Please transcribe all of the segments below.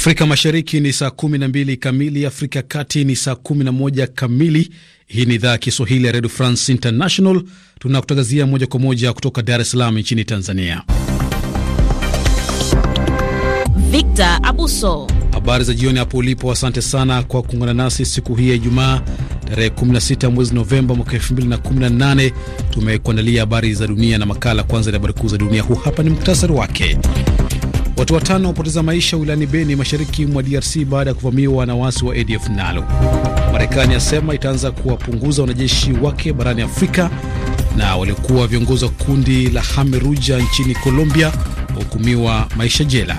Afrika Mashariki ni saa kumi na mbili kamili, Afrika ya Kati ni saa kumi na moja kamili. Hii ni idhaa ya Kiswahili ya Redio France International, tunakutangazia moja kwa moja kutoka Dar es Salaam nchini Tanzania. Victor Abuso, habari za jioni hapo ulipo. Asante sana kwa kuungana nasi siku hii ya Ijumaa tarehe 16 mwezi Novemba mwaka 2018. Tumekuandalia habari za dunia na makala. Kwanza ni habari kuu za dunia, huu hapa ni muktasari wake. Watu watano wapoteza maisha wilayani Beni, mashariki mwa DRC baada ya kuvamiwa na waasi wa ADF nalo. Marekani asema itaanza kuwapunguza wanajeshi wake barani Afrika. Na waliokuwa viongozi wa kundi la Hameruja nchini Colombia wahukumiwa maisha jela.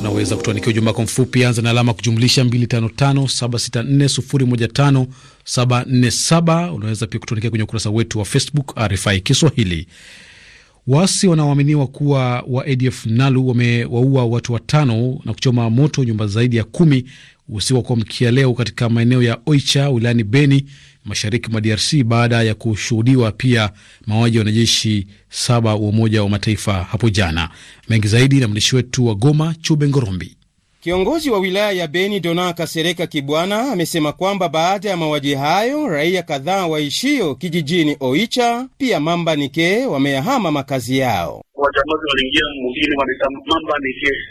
Unaweza kutuandikia ujumbe wako mfupi, anza na alama kujumlisha 255764015747. Unaweza pia kutuandikia kwenye ukurasa wetu wa Facebook RFI Kiswahili. Waasi wanaoaminiwa kuwa wa ADF Nalu wamewaua watu watano na kuchoma moto nyumba zaidi ya kumi usiku wa kuamkia leo katika maeneo ya Oicha wilayani Beni, mashariki mwa DRC, baada ya kushuhudiwa pia mauaji ya wanajeshi saba wa Umoja wa Mataifa hapo jana. Mengi zaidi na mwandishi wetu wa Goma, Chube Ngorombi. Kiongozi wa wilaya ya Beni Dona Kasereka Kibwana amesema kwamba baada ya mauaji hayo raia kadhaa waishio kijijini Oicha pia Mamba Nike wameyahama makazi yao. Wajambazi waliingia mugini, mamba ni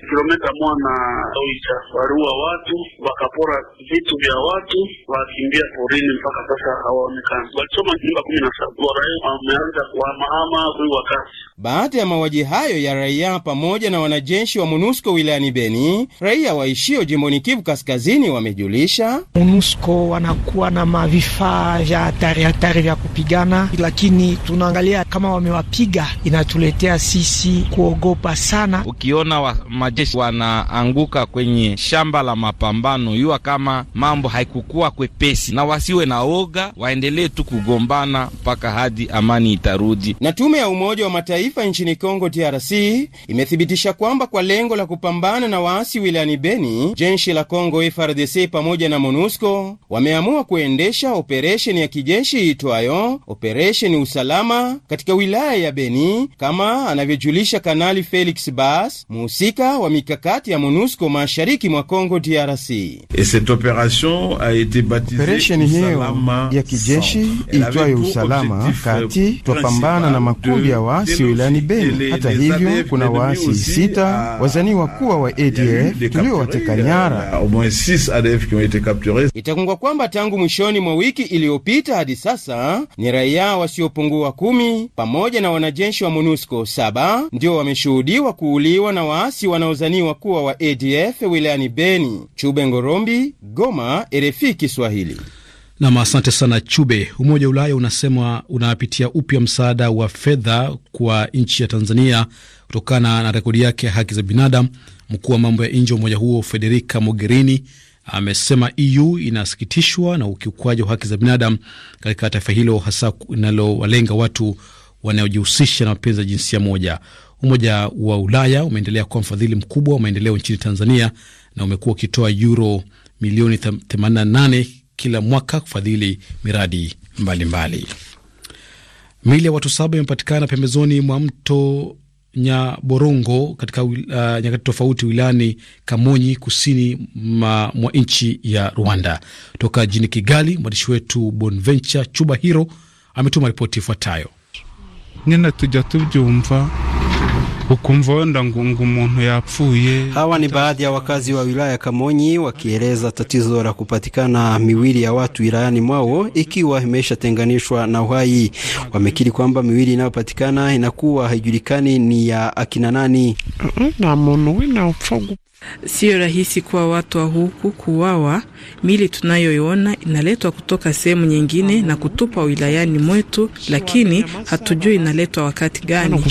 kilomita moja na Oicha, waliua watu, wakapora vitu vya watu, wakimbia porini, mpaka sasa hawaonekani. Walichoma nyumba kumi na saba. Waraia wameanza kuhamahama huyu wakati. Baada ya mauaji hayo ya raia pamoja na wanajeshi wa MONUSCO wilayani Beni, raia waishio jimboni Kivu Kaskazini wamejulisha munusko wanakuwa na mavifaa vya hatari hatari vya kupigana, lakini tunaangalia kama wamewapiga, inatuletea si sisi kuogopa sana. Ukiona wa majeshi wanaanguka kwenye shamba la mapambano, yua kama mambo haikukuwa kwepesi, na wasiwe na oga, waendelee tu kugombana mpaka hadi amani itarudi. Na tume ya Umoja wa Mataifa nchini Kongo DRC imethibitisha kwamba kwa lengo la kupambana na waasi wilayani Beni, jeshi la Kongo frdc pamoja na MONUSCO wameamua kuendesha operesheni ya kijeshi iitwayo operesheni usalama katika wilaya ya Beni kama anavyo anavyojulisha Kanali Felix Bas, muhusika wa mikakati ya MONUSCO mashariki mwa congo DRC. Operesheni hiyo ya kijeshi itwayo usalama euh, kati twapambana na makundi ya waasi wilayani Beni. Hata hivyo, kuna waasi sita euh, wazaniwa kuwa wa ADF tuliowateka nyara. Euh, Itakungwa kwamba tangu mwishoni mwa wiki iliyopita hadi sasa ni raia wasiopungua kumi pamoja na wanajeshi wa MONUSCO saba saba ndio wameshuhudiwa kuuliwa na waasi wanaozaniwa kuwa wa ADF wilayani Beni. Chube Ngorombi, Goma, RFI Kiswahili. Nam, asante sana Chube. Umoja wa Ulaya unasema unapitia upya msaada wa fedha kwa nchi ya Tanzania kutokana na rekodi yake ya haki za binadamu. Mkuu wa mambo ya nje wa umoja huo Federica Mogherini amesema EU inasikitishwa na ukiukwaji wa haki za binadamu katika taifa hilo, hasa linalowalenga watu wanaojihusisha na mapenzi ya jinsia moja. Umoja wa Ulaya umeendelea kuwa mfadhili mkubwa wa maendeleo nchini Tanzania na umekuwa ukitoa euro milioni 88 kila mwaka kufadhili miradi mbalimbali mbali. Miili ya watu saba imepatikana pembezoni mwa mto Nyaborongo katika uh, nyakati tofauti wilayani Kamonyi, kusini mwa nchi ya Rwanda. Toka jini Kigali, mwandishi wetu Bonventure Chuba Hiro ametuma ripoti ifuatayo nyine tujya tubyumva ukumva wenda ngo umuntu yapfuye. Hawa ni baadhi ya wakazi wa wilaya Kamonyi wakieleza tatizo la kupatikana miwili ya watu wilayani mwao ikiwa imeshatenganishwa na uhai. Wamekiri kwamba miwili inayopatikana inakuwa haijulikani ni ya akina nani. na muntu na munu, Siyo rahisi kwa watu wa huku kuwawa. Mili tunayoiona inaletwa kutoka sehemu nyingine na kutupa wilayani mwetu, lakini hatujui inaletwa wakati gani.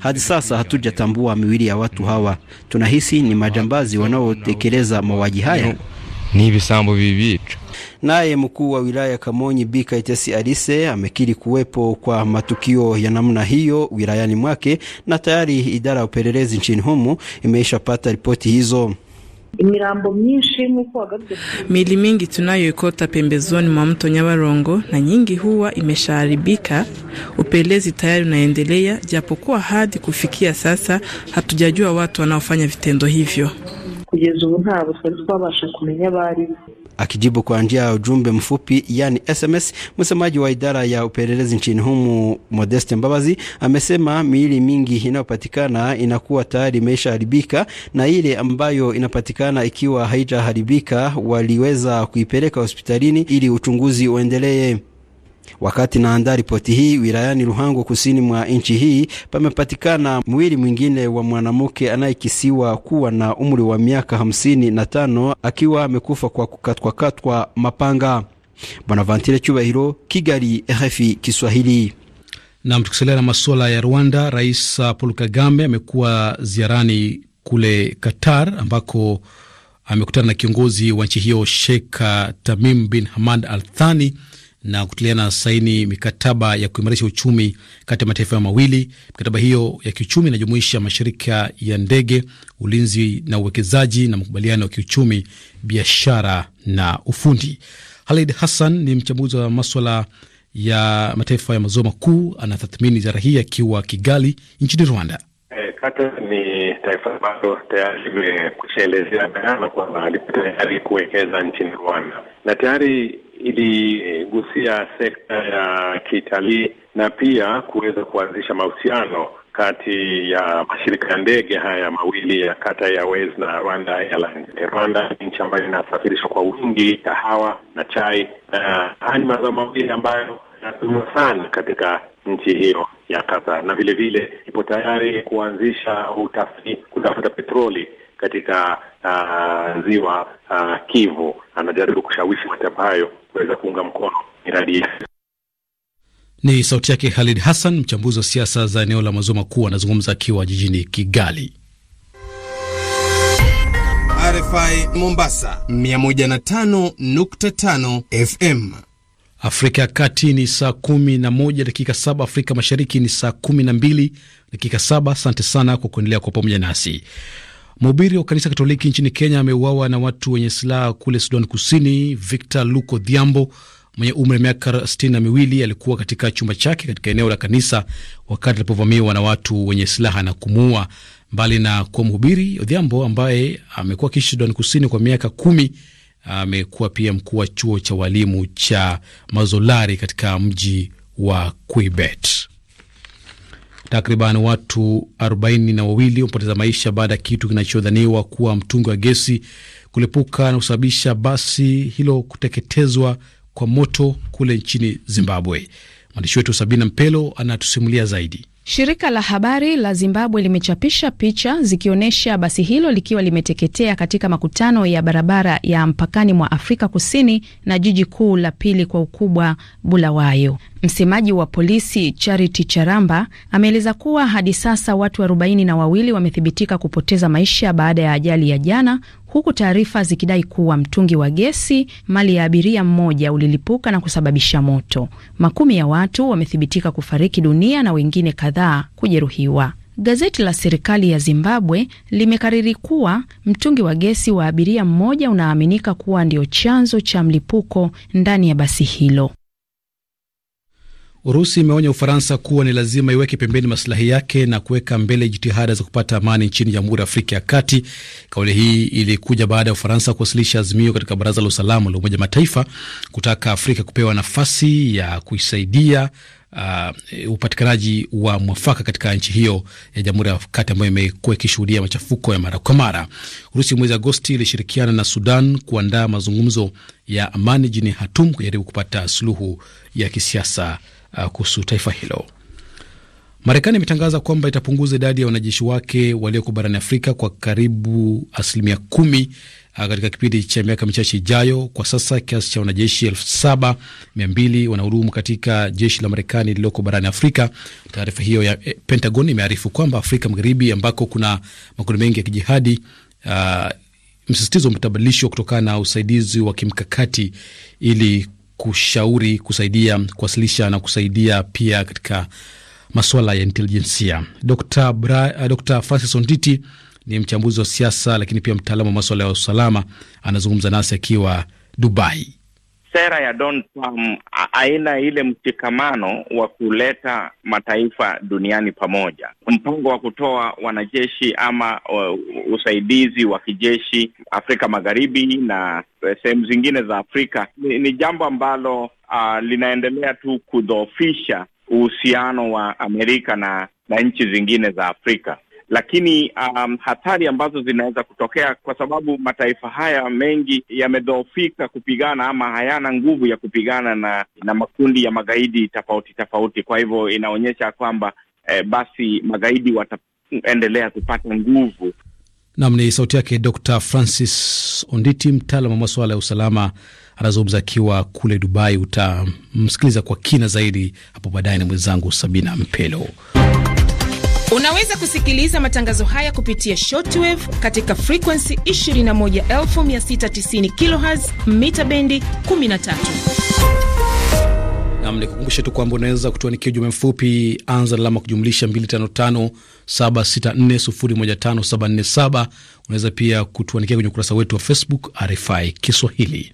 Hadi sasa hatujatambua miwili ya watu hawa. Tunahisi ni majambazi wanaotekeleza mauaji haya. Naye mkuu wa wilaya Kamonyi Bika Itesi Alise amekiri kuwepo kwa matukio ya namna hiyo wilayani mwake na tayari idara ya upelelezi nchini humo imeishapata ripoti hizo. mili mingi tunayoikota pembezoni mwa mto Nyabarongo na nyingi huwa imeshaharibika. Upelelezi tayari unaendelea, japokuwa hadi kufikia sasa hatujajua watu wanaofanya vitendo hivyo. Kugeza ubu ntabwo twabasha kumenya Akijibu kwa njia ya ujumbe mfupi yani SMS, msemaji wa idara ya upelelezi nchini humu Modeste Mbabazi amesema miili mingi inayopatikana inakuwa tayari imeshaharibika na ile ambayo inapatikana ikiwa haijaharibika waliweza kuipeleka hospitalini ili uchunguzi uendelee. Wakati naandaa ripoti hii wilayani Ruhango, kusini mwa nchi hii, pamepatikana mwili mwingine wa mwanamke anayekisiwa kuwa na umri wa miaka hamsini na tano akiwa amekufa kwa kukatwakatwa mapanga. Bonaventure Cyubahiro, Kigali, RFI Kiswahili. Nam, tukisalia na masuala ya Rwanda, Rais Paul Kagame amekuwa ziarani kule Qatar ambako amekutana na kiongozi wa nchi hiyo Sheikh Tamim bin Hamad Al Thani na kutiliana saini mikataba ya kuimarisha uchumi kati ya mataifa mawili. Mikataba hiyo ya kiuchumi inajumuisha mashirika ya ndege, ulinzi na uwekezaji, na makubaliano ya kiuchumi, biashara na ufundi. Halid Hassan ni mchambuzi wa maswala ya mataifa ya maziwa makuu, anatathmini ziara hii akiwa Kigali nchini Rwanda kata ni taifa ambalo tayari limekushaelezea bayana kwamba lipo tayari kuwekeza nchini Rwanda na tayari iligusia sekta ya kitalii na pia kuweza kuanzisha mahusiano kati ya mashirika ya ndege haya mawili ya Qatar Airways na Rwanda Airlines. Rwanda ni nchi ambayo inasafirishwa kwa wingi kahawa na chai, na haya ni mazao mawili ambayo yanatumiwa sana katika nchi hiyo ya Qatar, na vile vile ipo tayari kuanzisha utafiti kutafuta petroli katika uh, ziwa uh, Kivu. Anajaribu kushawishi mataifa hayo kuweza kuunga mkono miradi Ni sauti yake Khalid Hassan, mchambuzi wa siasa za eneo la maziwa makuu, anazungumza akiwa jijini Kigali. RFI Mombasa 105.5 FM. Afrika ya Kati ni saa kumi na moja dakika saba. Afrika Mashariki ni saa kumi na mbili dakika saba. Asante sana kwa kuendelea kwa pamoja nasi. Mhubiri wa kanisa Katoliki nchini Kenya ameuawa na watu wenye silaha kule Sudan Kusini. Victor Luko Dhiambo mwenye umri wa miaka sitini na miwili alikuwa katika chumba chake katika eneo la kanisa wakati alipovamiwa na watu wenye silaha na kumuua. Mbali na kuwa mhubiri, Odhiambo ambaye amekuwa akiishi Sudan Kusini kwa miaka kumi amekuwa pia mkuu wa chuo cha walimu cha Mazolari katika mji wa Quibet. Takriban watu arobaini na wawili wamepoteza maisha baada ya kitu kinachodhaniwa kuwa mtungi wa gesi kulipuka na kusababisha basi hilo kuteketezwa kwa moto kule nchini Zimbabwe. Mwandishi wetu Sabina Mpelo anatusimulia zaidi. Shirika la habari la Zimbabwe limechapisha picha zikionyesha basi hilo likiwa limeteketea katika makutano ya barabara ya mpakani mwa Afrika Kusini na jiji kuu la pili kwa ukubwa Bulawayo. Msemaji wa polisi Charity Charamba ameeleza kuwa hadi sasa watu arobaini na wawili wamethibitika kupoteza maisha baada ya ajali ya jana, huku taarifa zikidai kuwa mtungi wa gesi mali ya abiria mmoja ulilipuka na kusababisha moto. Makumi ya watu wamethibitika kufariki dunia na wengine kadhaa kujeruhiwa. Gazeti la serikali ya Zimbabwe limekariri kuwa mtungi wa gesi wa abiria mmoja unaaminika kuwa ndio chanzo cha mlipuko ndani ya basi hilo. Urusi imeonya Ufaransa kuwa ni lazima iweke pembeni masilahi yake na kuweka mbele jitihada za kupata amani nchini Jamhuri ya Afrika ya Kati. Kauli hii ilikuja baada ya Ufaransa kuwasilisha azimio katika Baraza la Usalama la Umoja Mataifa kutaka Afrika kupewa nafasi ya kuisaidia uh, upatikanaji wa mwafaka katika nchi hiyo ya Jamhuri ya Kati ambayo imekuwa ikishuhudia machafuko ya mara kwa mara. Urusi mwezi Agosti ilishirikiana na Sudan kuandaa mazungumzo ya amani jini Hatum kujaribu kupata suluhu ya kisiasa Uh, kuhusu taifa hilo. Marekani imetangaza kwamba itapunguza idadi ya wanajeshi wake walioko barani Afrika kwa karibu asilimia kumi uh, katika kipindi cha miaka michache ijayo. Kwa sasa kiasi cha wanajeshi elfu saba mia mbili wanahudumu katika jeshi la Marekani lililoko barani Afrika. Taarifa hiyo ya eh, Pentagon imearifu kwamba Afrika Magharibi, ambako kuna makundi mengi ya kijihadi uh, msisitizo umetabadilishwa kutokana na usaidizi wa kimkakati ili kushauri, kusaidia, kuwasilisha na kusaidia pia katika masuala ya intelijensia. Dr. Bra, eh, Dr. Francis Onditi ni mchambuzi wa siasa lakini pia mtaalamu wa masuala ya usalama, anazungumza nasi akiwa Dubai sera ya Don Trump aina ile mshikamano wa kuleta mataifa duniani pamoja, mpango wa kutoa wanajeshi ama uh, usaidizi wa kijeshi Afrika Magharibi na eh, sehemu zingine za Afrika ni, ni jambo ambalo uh, linaendelea tu kudhoofisha uhusiano wa Amerika na, na nchi zingine za Afrika lakini um, hatari ambazo zinaweza kutokea kwa sababu mataifa haya mengi yamedhoofika kupigana ama hayana nguvu ya kupigana na, na makundi ya magaidi tofauti tofauti. Kwa hivyo inaonyesha kwamba eh, basi magaidi wataendelea kupata nguvu. Nam ni sauti yake Dr Francis Onditi, mtaalam wa masuala ya usalama, anazungumza akiwa kule Dubai. Utamsikiliza kwa kina zaidi hapo baadaye na mwenzangu Sabina Mpelo. Unaweza kusikiliza matangazo haya kupitia shortwave katika frekuensi 21690 kHz mita bendi 13. Nam, nikukumbushe tu kwamba unaweza kutuanikia ujumbe mfupi, anza alama kujumlisha 255764015747. Unaweza pia kutuanikia kwenye ukurasa wetu wa Facebook RFI Kiswahili.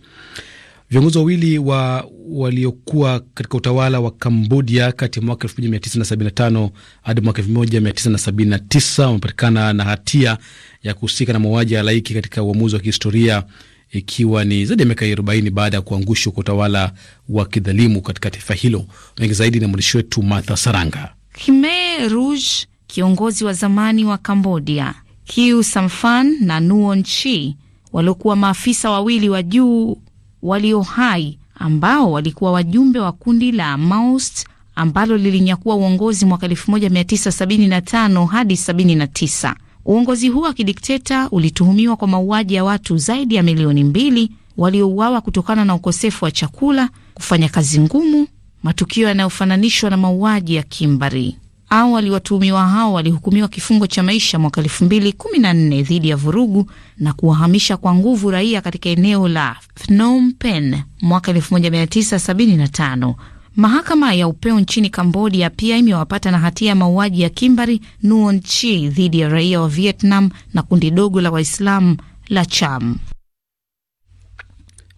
Viongozi wawili wa waliokuwa katika utawala wa Kambodia kati ya mwaka 1975 hadi mwaka 1979 wamepatikana na hatia ya kuhusika na mauaji ya halaiki katika uamuzi wa kihistoria ikiwa ni zaidi ya miaka 40 baada ya kuangushwa kwa utawala wa kidhalimu katika taifa hilo. Mengi zaidi na mwandishi wetu Martha Saranga. Khmer Rouge, kiongozi wa zamani wa Kambodia Khieu Samphan na Nuon Chi waliokuwa maafisa wawili wa juu walio hai ambao walikuwa wajumbe wa kundi la Maoist ambalo lilinyakua uongozi mwaka 1975 hadi 79. Uongozi huo wa kidikteta ulituhumiwa kwa mauaji ya watu zaidi ya milioni mbili waliouawa kutokana na ukosefu wa chakula, kufanya kazi ngumu, matukio yanayofananishwa na mauaji ya kimbari. Awali watuhumiwa hao walihukumiwa kifungo cha maisha mwaka elfu mbili kumi na nne dhidi ya vurugu na kuwahamisha kwa nguvu raia katika eneo la Phnom Penh mwaka elfu moja mia tisa sabini na tano. Mahakama ya upeo nchini Kambodia pia imewapata na hatia ya mauaji ya kimbari Nuon Chi dhidi ya raia wa Vietnam na kundi dogo la Waislamu la Cham.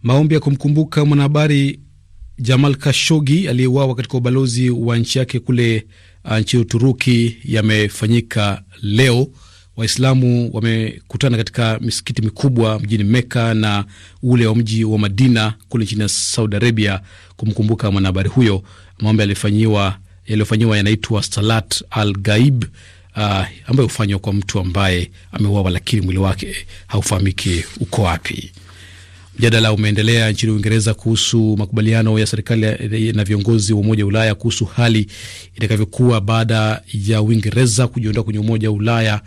Maombi ya kumkumbuka mwanahabari Jamal Kashogi aliyeuawa katika ubalozi wa nchi yake kule Ah, nchini Uturuki yamefanyika leo. Waislamu wamekutana katika misikiti mikubwa mjini Meka na ule wa mji wa Madina kule nchini Saudi Arabia kumkumbuka mwanahabari huyo. Mambo yaliyofanyiwa yanaitwa Salat al Gaib, uh, ah, ambayo hufanywa kwa mtu ambaye ameuawa, lakini mwili wake haufahamiki uko wapi. Mjadala umeendelea nchini Uingereza kuhusu makubaliano ya serikali na viongozi wa Umoja wa Ulaya kuhusu hali itakavyokuwa baada ya Uingereza kujiondoa kwenye Umoja wa Ulaya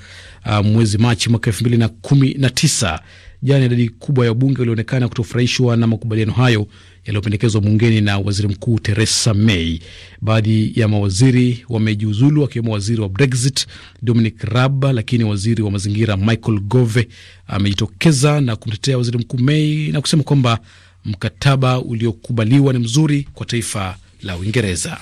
uh, mwezi Machi mwaka elfu mbili na kumi na tisa. Jana idadi kubwa ya wabunge walionekana kutofurahishwa na makubaliano hayo yaliyopendekezwa bungeni na waziri mkuu Theresa May. Baadhi ya mawaziri wamejiuzulu, akiwemo waziri wa Brexit Dominic Raab, lakini waziri wa mazingira Michael Gove amejitokeza na kumtetea waziri mkuu May na kusema kwamba mkataba uliokubaliwa ni mzuri kwa taifa la Uingereza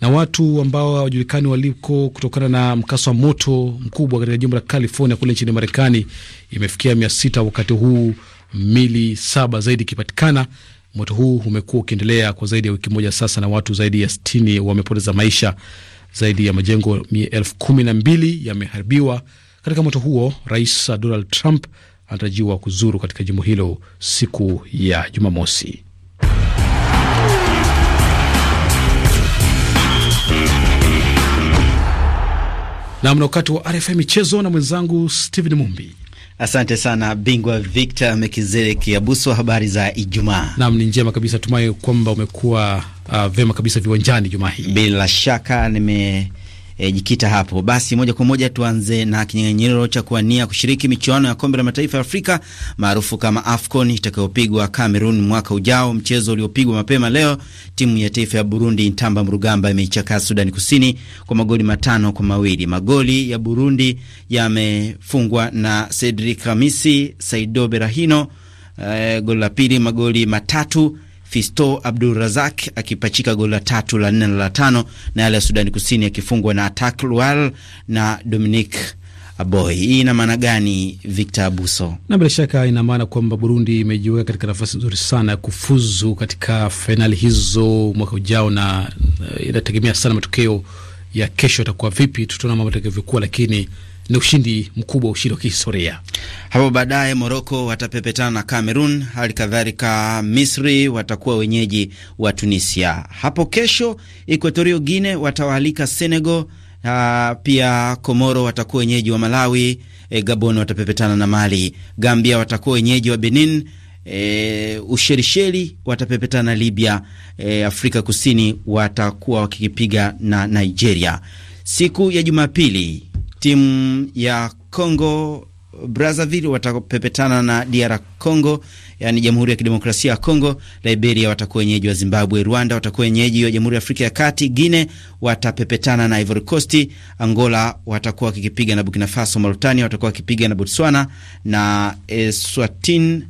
na watu ambao hawajulikani waliko kutokana na mkasa wa moto mkubwa katika jimbo la California kule nchini Marekani imefikia mia sita, wakati huu mili saba zaidi ikipatikana. Moto huu umekuwa ukiendelea kwa zaidi ya wiki moja sasa, na watu zaidi ya sitini wamepoteza maisha. Zaidi ya majengo elfu kumi na mbili yameharibiwa katika moto huo. Rais Donald Trump anatarajiwa kuzuru katika jimbo hilo siku ya Jumamosi. Nam na wakati wa RFI michezo na mwenzangu Steven Mumbi. Asante sana bingwa Victor Melkizedek Abuso, habari za Ijumaa? Nam, ni njema kabisa, tumai kwamba umekuwa uh, vema kabisa viwanjani jumaa hii. Bila shaka nime e, jikita hapo basi. Moja kwa moja tuanze na kinyang'anyiro cha kuwania kushiriki michuano ya kombe la mataifa ya Afrika maarufu kama AFCON itakayopigwa Cameroon mwaka ujao. Mchezo uliopigwa mapema leo, timu ya taifa ya Burundi Ntamba Mrugamba imeichaka Sudani Kusini kwa magoli matano kwa mawili. Magoli ya Burundi yamefungwa na Cedric Hamisi, Saido Berahino, e, goli la pili magoli matatu Fisto abdul razak akipachika goli la tatu, la nne na la tano, na yale ya Sudani Kusini akifungwa na Atak Lual na Dominic Aboy. Hii ina maana gani, Victor Abuso? Na bila shaka ina maana kwamba Burundi imejiweka katika nafasi nzuri sana ya kufuzu katika fainali hizo mwaka ujao, na eh, inategemea sana matokeo ya kesho yatakuwa vipi. Tutaona mambo yatakavyokuwa, lakini na ushindi mkubwa, ushindi wa kihistoria. Hapo baadaye Moroko watapepetana na Cameroon, hali kadhalika Misri watakuwa wenyeji wa Tunisia. Hapo kesho Equatorio Guine watawaalika Senegal. Uh, pia Komoro watakuwa wenyeji wa Malawi. E, Gabon watapepetana na Mali. Gambia watakuwa wenyeji wa Benin. E, eh, Usherisheli watapepetana na Libya. E, Afrika Kusini watakuwa wakikipiga na Nigeria siku ya Jumapili timu ya Congo Brazzaville watapepetana na DR Congo, yani Jamhuri ya Kidemokrasia ya Kongo. Liberia watakuwa wenyeji wa Zimbabwe. Rwanda watakuwa wenyeji wa Jamhuri ya Afrika ya Kati. guine watapepetana na Ivory Coast. Angola watakuwa wakikipiga na Burkina Faso. Mauritania watakuwa wakipiga na Botswana na Eswatini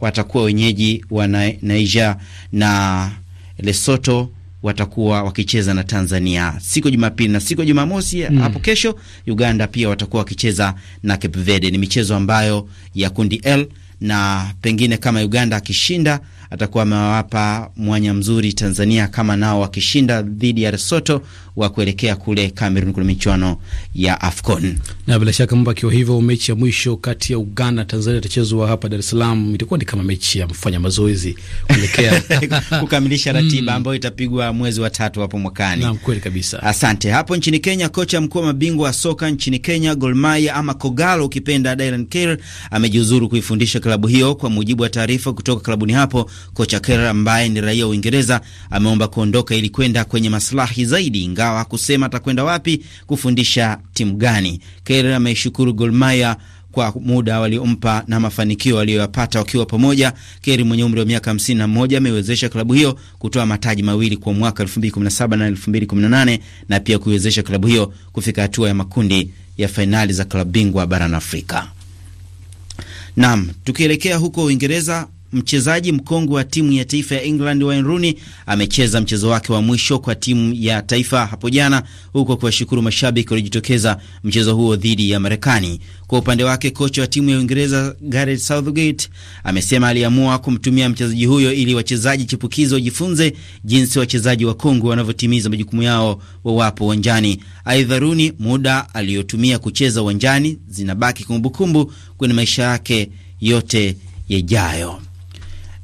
watakuwa wenyeji wa Niger na Lesotho watakuwa wakicheza na Tanzania siku ya Jumapili na siku ya Jumamosi mm. hapo kesho, Uganda pia watakuwa wakicheza na Cape Verde. Ni michezo ambayo ya kundi L, na pengine kama Uganda akishinda atakuwa amewapa mwanya mzuri Tanzania, kama nao wakishinda dhidi ya Lesotho wa kuelekea kule Cameroon kwenye michuano ya AFCON. Na bila shaka mambo akiwa hivyo, mechi ya mwisho kati ya Uganda Tanzania itachezwa hapa Dar es Salaam, itakuwa ni kama mechi ya kufanya mazoezi kuelekea kukamilisha hmm. ratiba ambayo itapigwa mwezi wa tatu hapo mwakani. Naam, kweli kabisa. Asante. Hapo nchini Kenya, kocha mkuu wa mabingwa wa soka nchini Kenya Gor Mahia ama Kogalo ukipenda, Dylan Kerr amejiuzuru kuifundisha klabu hiyo. Kwa mujibu wa taarifa kutoka klabuni hapo, kocha Kerr ambaye ni raia wa Uingereza ameomba kuondoka ili kwenda kwenye maslahi zaidi Inga ingawa hakusema atakwenda wapi kufundisha timu gani. Kerer ameshukuru Gor Mahia kwa muda waliompa na mafanikio waliyoyapata wakiwa pamoja. Keri mwenye umri wa miaka 51 ameiwezesha klabu hiyo kutoa mataji mawili kwa mwaka 2017 na 2018 na pia kuiwezesha klabu hiyo kufika hatua ya makundi ya fainali za klabu bingwa barani Afrika. Naam, tukielekea huko Uingereza mchezaji mkongwe wa timu ya taifa ya England Wayne Rooney amecheza mchezo wake wa mwisho kwa timu ya taifa hapo jana, huko kuwashukuru mashabiki waliojitokeza mchezo huo dhidi ya Marekani. Kwa upande wake, kocha wa timu ya Uingereza Gareth Southgate amesema aliamua kumtumia mchezaji huyo ili wachezaji chipukizi wajifunze jinsi wachezaji wakongwe wanavyotimiza majukumu yao wawapo uwanjani. Aidha, Rooney muda aliyotumia kucheza uwanjani zinabaki kumbukumbu kwenye maisha yake yote yajayo.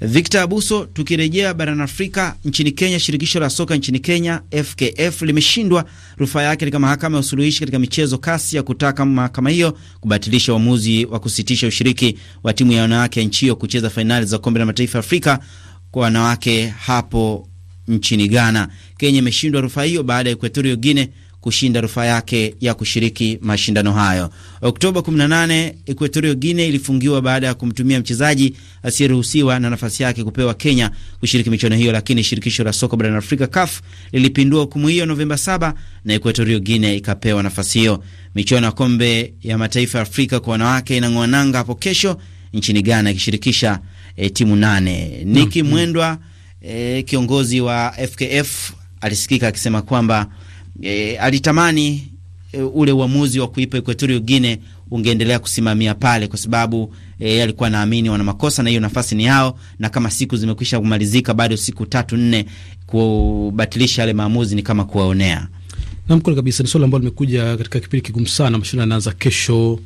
Victor Abuso, tukirejea barani Afrika, nchini Kenya, shirikisho la soka nchini Kenya FKF limeshindwa rufaa yake katika mahakama ya usuluhishi katika michezo kasi ya kutaka mahakama hiyo kubatilisha uamuzi wa kusitisha ushiriki wa timu ya wanawake ya nchi hiyo kucheza fainali za kombe la mataifa ya Afrika kwa wanawake hapo nchini Ghana. Kenya imeshindwa rufaa hiyo baada ya Equatorial Guinea kushinda rufaa yake ya kushiriki mashindano hayo. Oktoba 18, Equatorial Guinea ilifungiwa baada ya kumtumia mchezaji asiyeruhusiwa na nafasi yake kupewa Kenya kushiriki michuano hiyo, lakini shirikisho la soka barani Afrika CAF lilipindua hukumu hiyo Novemba 7 na Equatorial Guinea ikapewa nafasi hiyo. Michuano ya kombe ya mataifa ya Afrika kwa wanawake inang'oa nanga hapo kesho nchini Ghana ikishirikisha e, timu nane. Mm-hmm. Niki Mwendwa e, kiongozi wa FKF alisikika akisema kwamba e, alitamani e, ule uamuzi wa kuipa Equatorial Guinea ungeendelea kusimamia pale kwa sababu e, alikuwa naamini wana makosa na hiyo nafasi ni yao, na kama siku zimekwisha kumalizika, bado siku tatu nne, kubatilisha yale maamuzi ni kama kuwaonea. Namkweli kabisa, ni swala ambalo limekuja katika kipindi kigumu sana. Mashindano yanaanza kesho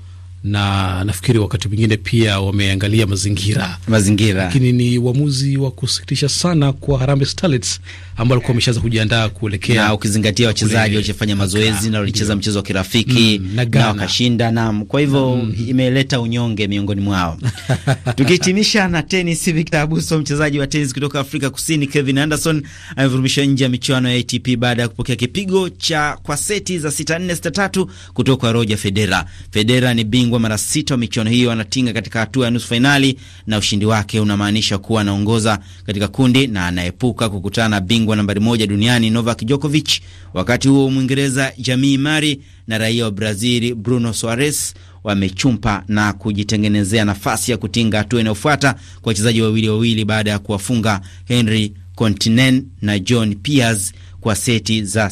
na nafikiri wakati mwingine pia wameangalia mazingira mazingira, lakini ni uamuzi wa kusikitisha sana kwa Harambee Starlets ambao walikuwa wameshaanza kujiandaa kuelekea, na ukizingatia wachezaji walichofanya mazoezi na walicheza mchezo wa kirafiki mm, na, na wakashinda nam, kwa hivyo mm, imeleta unyonge miongoni mwao tukihitimisha na tenis, Victor Abuso, mchezaji wa tenis kutoka Afrika Kusini, Kevin Anderson amevurumishwa nje ya michuano ya ATP baada ya kupokea kipigo cha kwa seti za 6-4 6-3 kutoka kwa Roger Federer. Federer ni bingwa mabingwa mara sita wa michuano hiyo anatinga katika hatua ya nusu fainali, na ushindi wake unamaanisha kuwa anaongoza katika kundi na anaepuka kukutana na bingwa nambari moja duniani Novak Djokovic. Wakati huo Mwingereza Jamii Mari na raia wa Brazil Bruno Soares wamechumpa na kujitengenezea nafasi ya kutinga hatua inayofuata kwa wachezaji wawili wawili baada ya kuwafunga Henry Continen na John Piers kwa seti za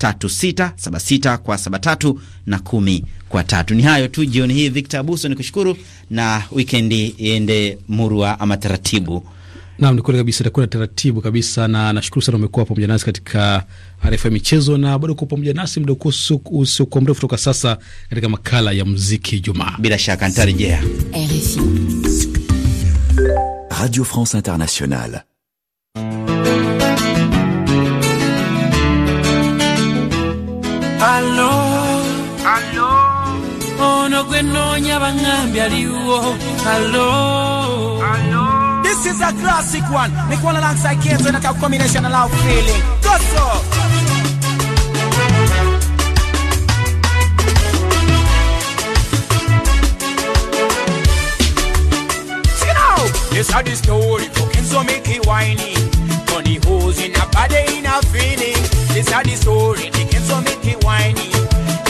36, kwa 73 na 10 kwa tatu. Ni hayo tu jioni hii, Victor Abuso, ni kushukuru na wikendi iende murwa ama taratibu. Naam, ni kweli kabisa, itakuwa taratibu kabisa, na nashukuru sana umekuwa pamoja nasi katika ya michezo, na bado uko pamoja nasi muda usiokuwa mrefu kutoka sasa katika makala ya muziki Jumaa. Bila shaka nitarejea Radio France Internationale. alo alo ono gwenoonya bangambya liwo alo alo This is a classic one. Make one alongside Kenzo in a combination allow feeling. Go so. This is the story for Kenzo Mickey whining, whiny Money in a body in a feeling This is the story so make it whiny.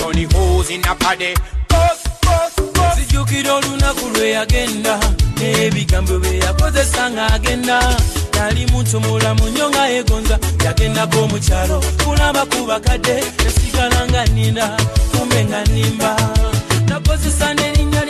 Tony holes in a paddy. Sijukira olunaku lwe yagenda n'ebigambo bye yakozesa ng'agenda nali muntu mulamu nnyo nga yegonza yagendako omukyalo kulaba ku bakadde esigala nga nnina kumbe nga nnimba nakozesa n'erinnya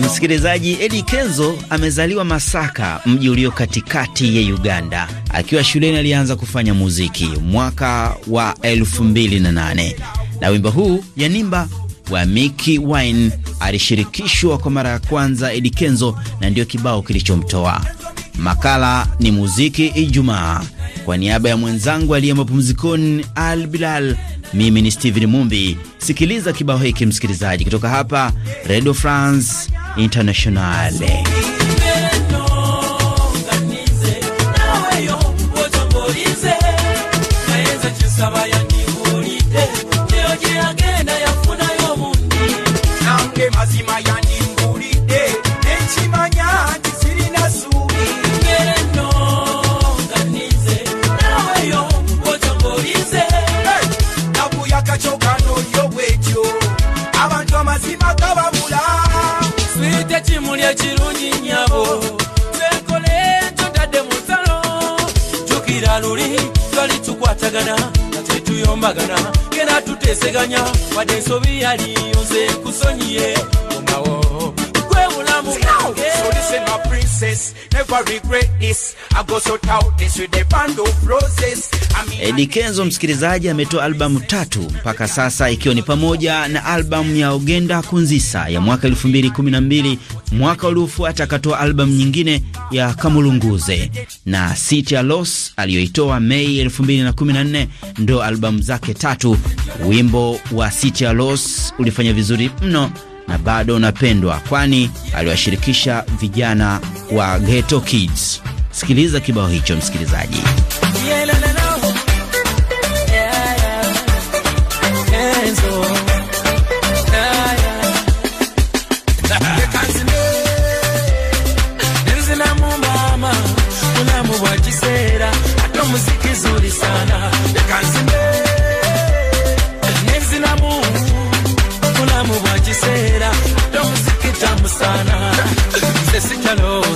Msikilizaji, edi Kenzo amezaliwa Masaka, mji ulio katikati ya Uganda. Akiwa shuleni alianza kufanya muziki mwaka wa 2008 na wimbo huu Yanimba wa miki Wine alishirikishwa kwa mara ya kwanza edi Kenzo, na ndiyo kibao kilichomtoa Makala ni muziki Ijumaa. Kwa niaba ya mwenzangu aliye mapumzikoni Al Bilal, mimi ni Steven Mumbi. Sikiliza kibao hiki msikilizaji, kutoka hapa Radio France Internationale. tuli twali tukwatagana ate tuyombagana gena tuteseganya wadde ensobi yali nze kusonyiye onawo edi Eddie Kenzo, msikilizaji, ametoa albamu tatu mpaka sasa, ikiwa ni pamoja na albamu ya Ogenda Kunzisa ya mwaka 2012. Mwaka uliofuata akatoa albamu nyingine ya Kamulunguze na City Loss aliyoitoa Mei 2014, ndo albamu zake tatu. Wimbo wa City Loss ulifanya vizuri mno na bado unapendwa, kwani aliwashirikisha vijana wa Ghetto Kids. Sikiliza kibao hicho msikilizaji.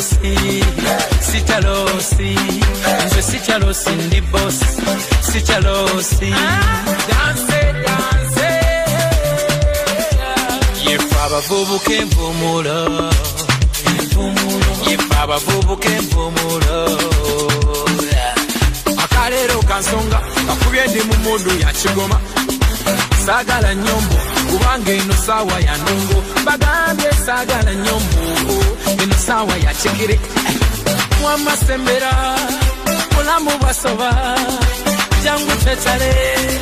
aussi, si tu as aussi, je suis tu aussi, ni boss, si tu as aussi, danse, danse, y'a pas de bobo qui est bon, moula, y'a pas de bobo qui est bon, moula, akalero kansonga, akubiendi mumudu ya chigoma. saagala nyombo kubanga eno saawa ya nongo bagambye saagala nyombo eno saawa ya kigere wamasembera bulamu bwasoba jangu tetale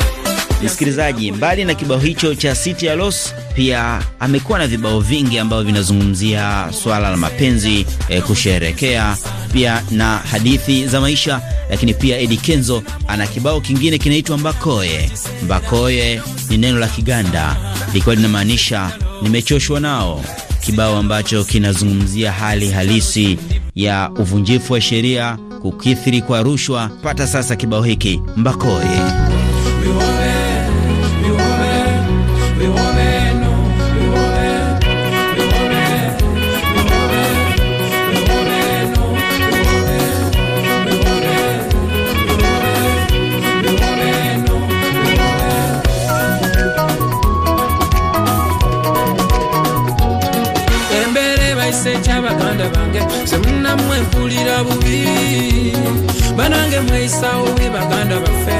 Msikilizaji, mbali na kibao hicho cha City ya Los, pia amekuwa na vibao vingi ambavyo vinazungumzia swala la mapenzi eh, kusherekea pia na hadithi za maisha. Lakini pia Eddie Kenzo ana kibao kingine kinaitwa Mbakoye. Mbakoye ni neno la Kiganda likiwa linamaanisha nimechoshwa nao, kibao ambacho kinazungumzia hali halisi ya uvunjifu wa sheria, kukithiri kwa rushwa. Pata sasa kibao hiki Mbakoye. banange mweyisaobi baganda baffe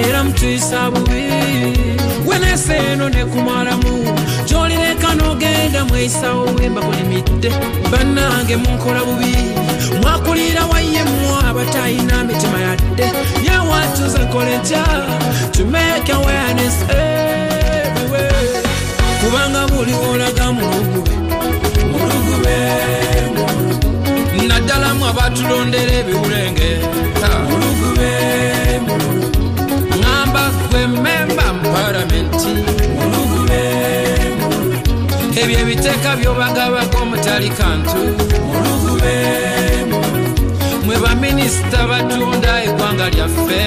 era mutuyisa bubi weneesa eno nekumwalamu gyolireka nogenda mweyisaobi mbakulimidde banange munkola bubi mwakulira waye mwa abatayina mitima yadde yewatuza koleja tumeka wanes kubanga buli olaga mulugube mulugube naddalamu abatulondera ebiwulenge ŋamba kwe memba mu palamenti ebyo ebiteeka by'obagabaga omutali kantu mwe baminisita batunda eggwanga lyaffe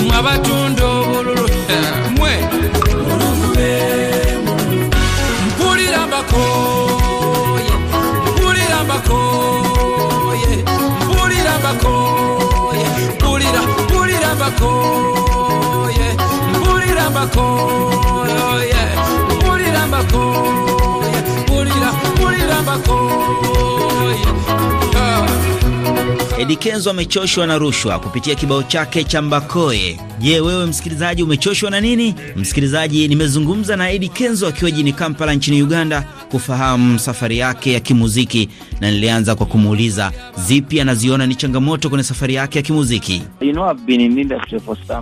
mwe abatunda obululu abakoye mpulira abakoye mpulira mpulira abakoye mpulira abakoye mpulira abakoye mpulira mpulira edi Kenzo amechoshwa na rushwa kupitia kibao chake cha Mbakoe. Je, wewe msikilizaji umechoshwa na nini? Msikilizaji, nimezungumza na edi Kenzo akiwa jijini Kampala nchini Uganda kufahamu safari yake ya kimuziki, na nilianza kwa kumuuliza zipi anaziona ni changamoto kwenye safari yake ya kimuziki.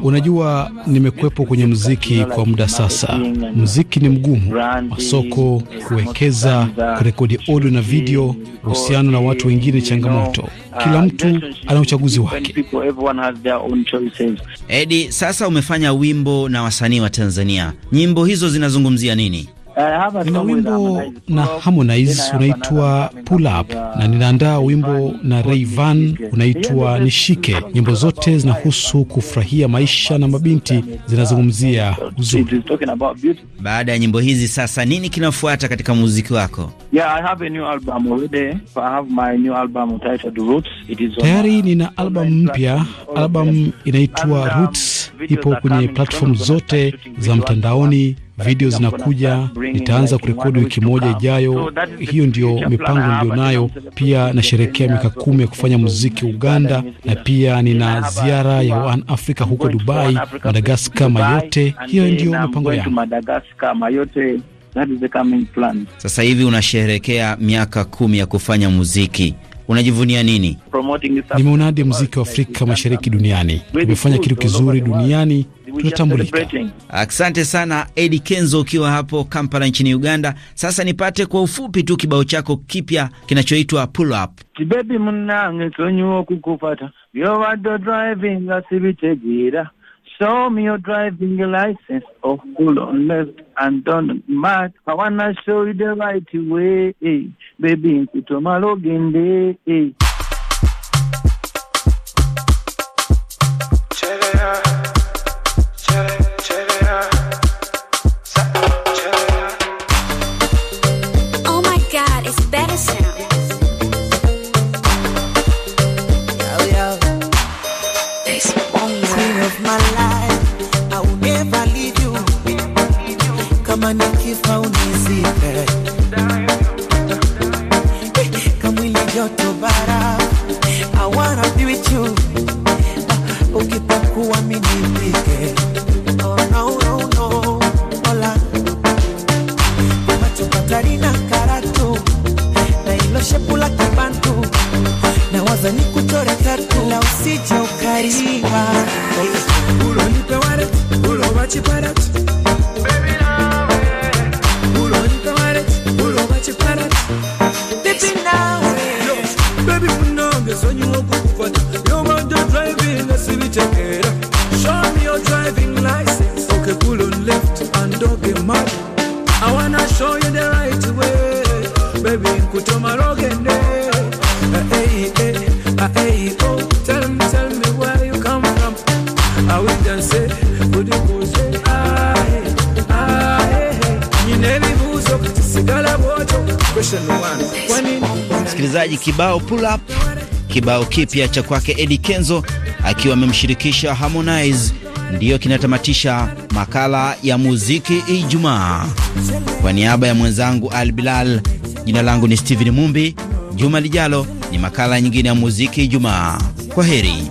unajua nimekuwepo kwenye muziki kwa muda sasa. Muziki ni mgumu, masoko, kuwekeza, kurekodi audio na video, uhusiano na watu wengine changamoto kila ah, mtu ana uchaguzi wake. Edi, sasa umefanya wimbo na wasanii wa Tanzania, nyimbo hizo zinazungumzia nini? Eh, nina wimbo na Harmonize unaitwa Pull Up na ninaandaa wimbo na Rayvan unaitwa Nishike. Nyimbo zote zinahusu kufurahia maisha na mabinti zinazungumzia uzuri. Baada ya nyimbo hizi, sasa nini kinafuata katika muziki wako? Tayari nina albamu mpya, albamu inaitwa um, Roots, ipo kwenye platform zote za mtandaoni video zinakuja, nitaanza kurekodi wiki moja ijayo. Hiyo ndio mipango niliyonayo. Pia nasherekea uh, miaka kumi ya kufanya muziki Uganda, na pia nina ziara ya One Africa huko Dubai, Madagaskar, Mayote. Hiyo ndiyo mipango yangu. Sasa hivi unasherehekea miaka kumi ya kufanya muziki unajivunia nini? Nimeunadi muziki wa Afrika Mashariki duniani, tumefanya kitu kizuri duniani, tunatambulika. Asante sana Edi Kenzo, ukiwa hapo Kampala nchini Uganda. Sasa nipate kwa ufupi tu kibao chako kipya kinachoitwa pull up. Kibebi munange driving show me your driving license of pull on left and done mad. I wanna show you the right way, eh. baby. Kutomalo gende, eh. Kibao kipya cha kwake edi Kenzo akiwa amemshirikisha Harmonize ndiyo kinatamatisha makala ya muziki Ijumaa. Kwa niaba ya mwenzangu Al Bilal, jina langu ni Steven Mumbi. Juma lijalo ni makala nyingine ya muziki Ijumaa. Kwa heri.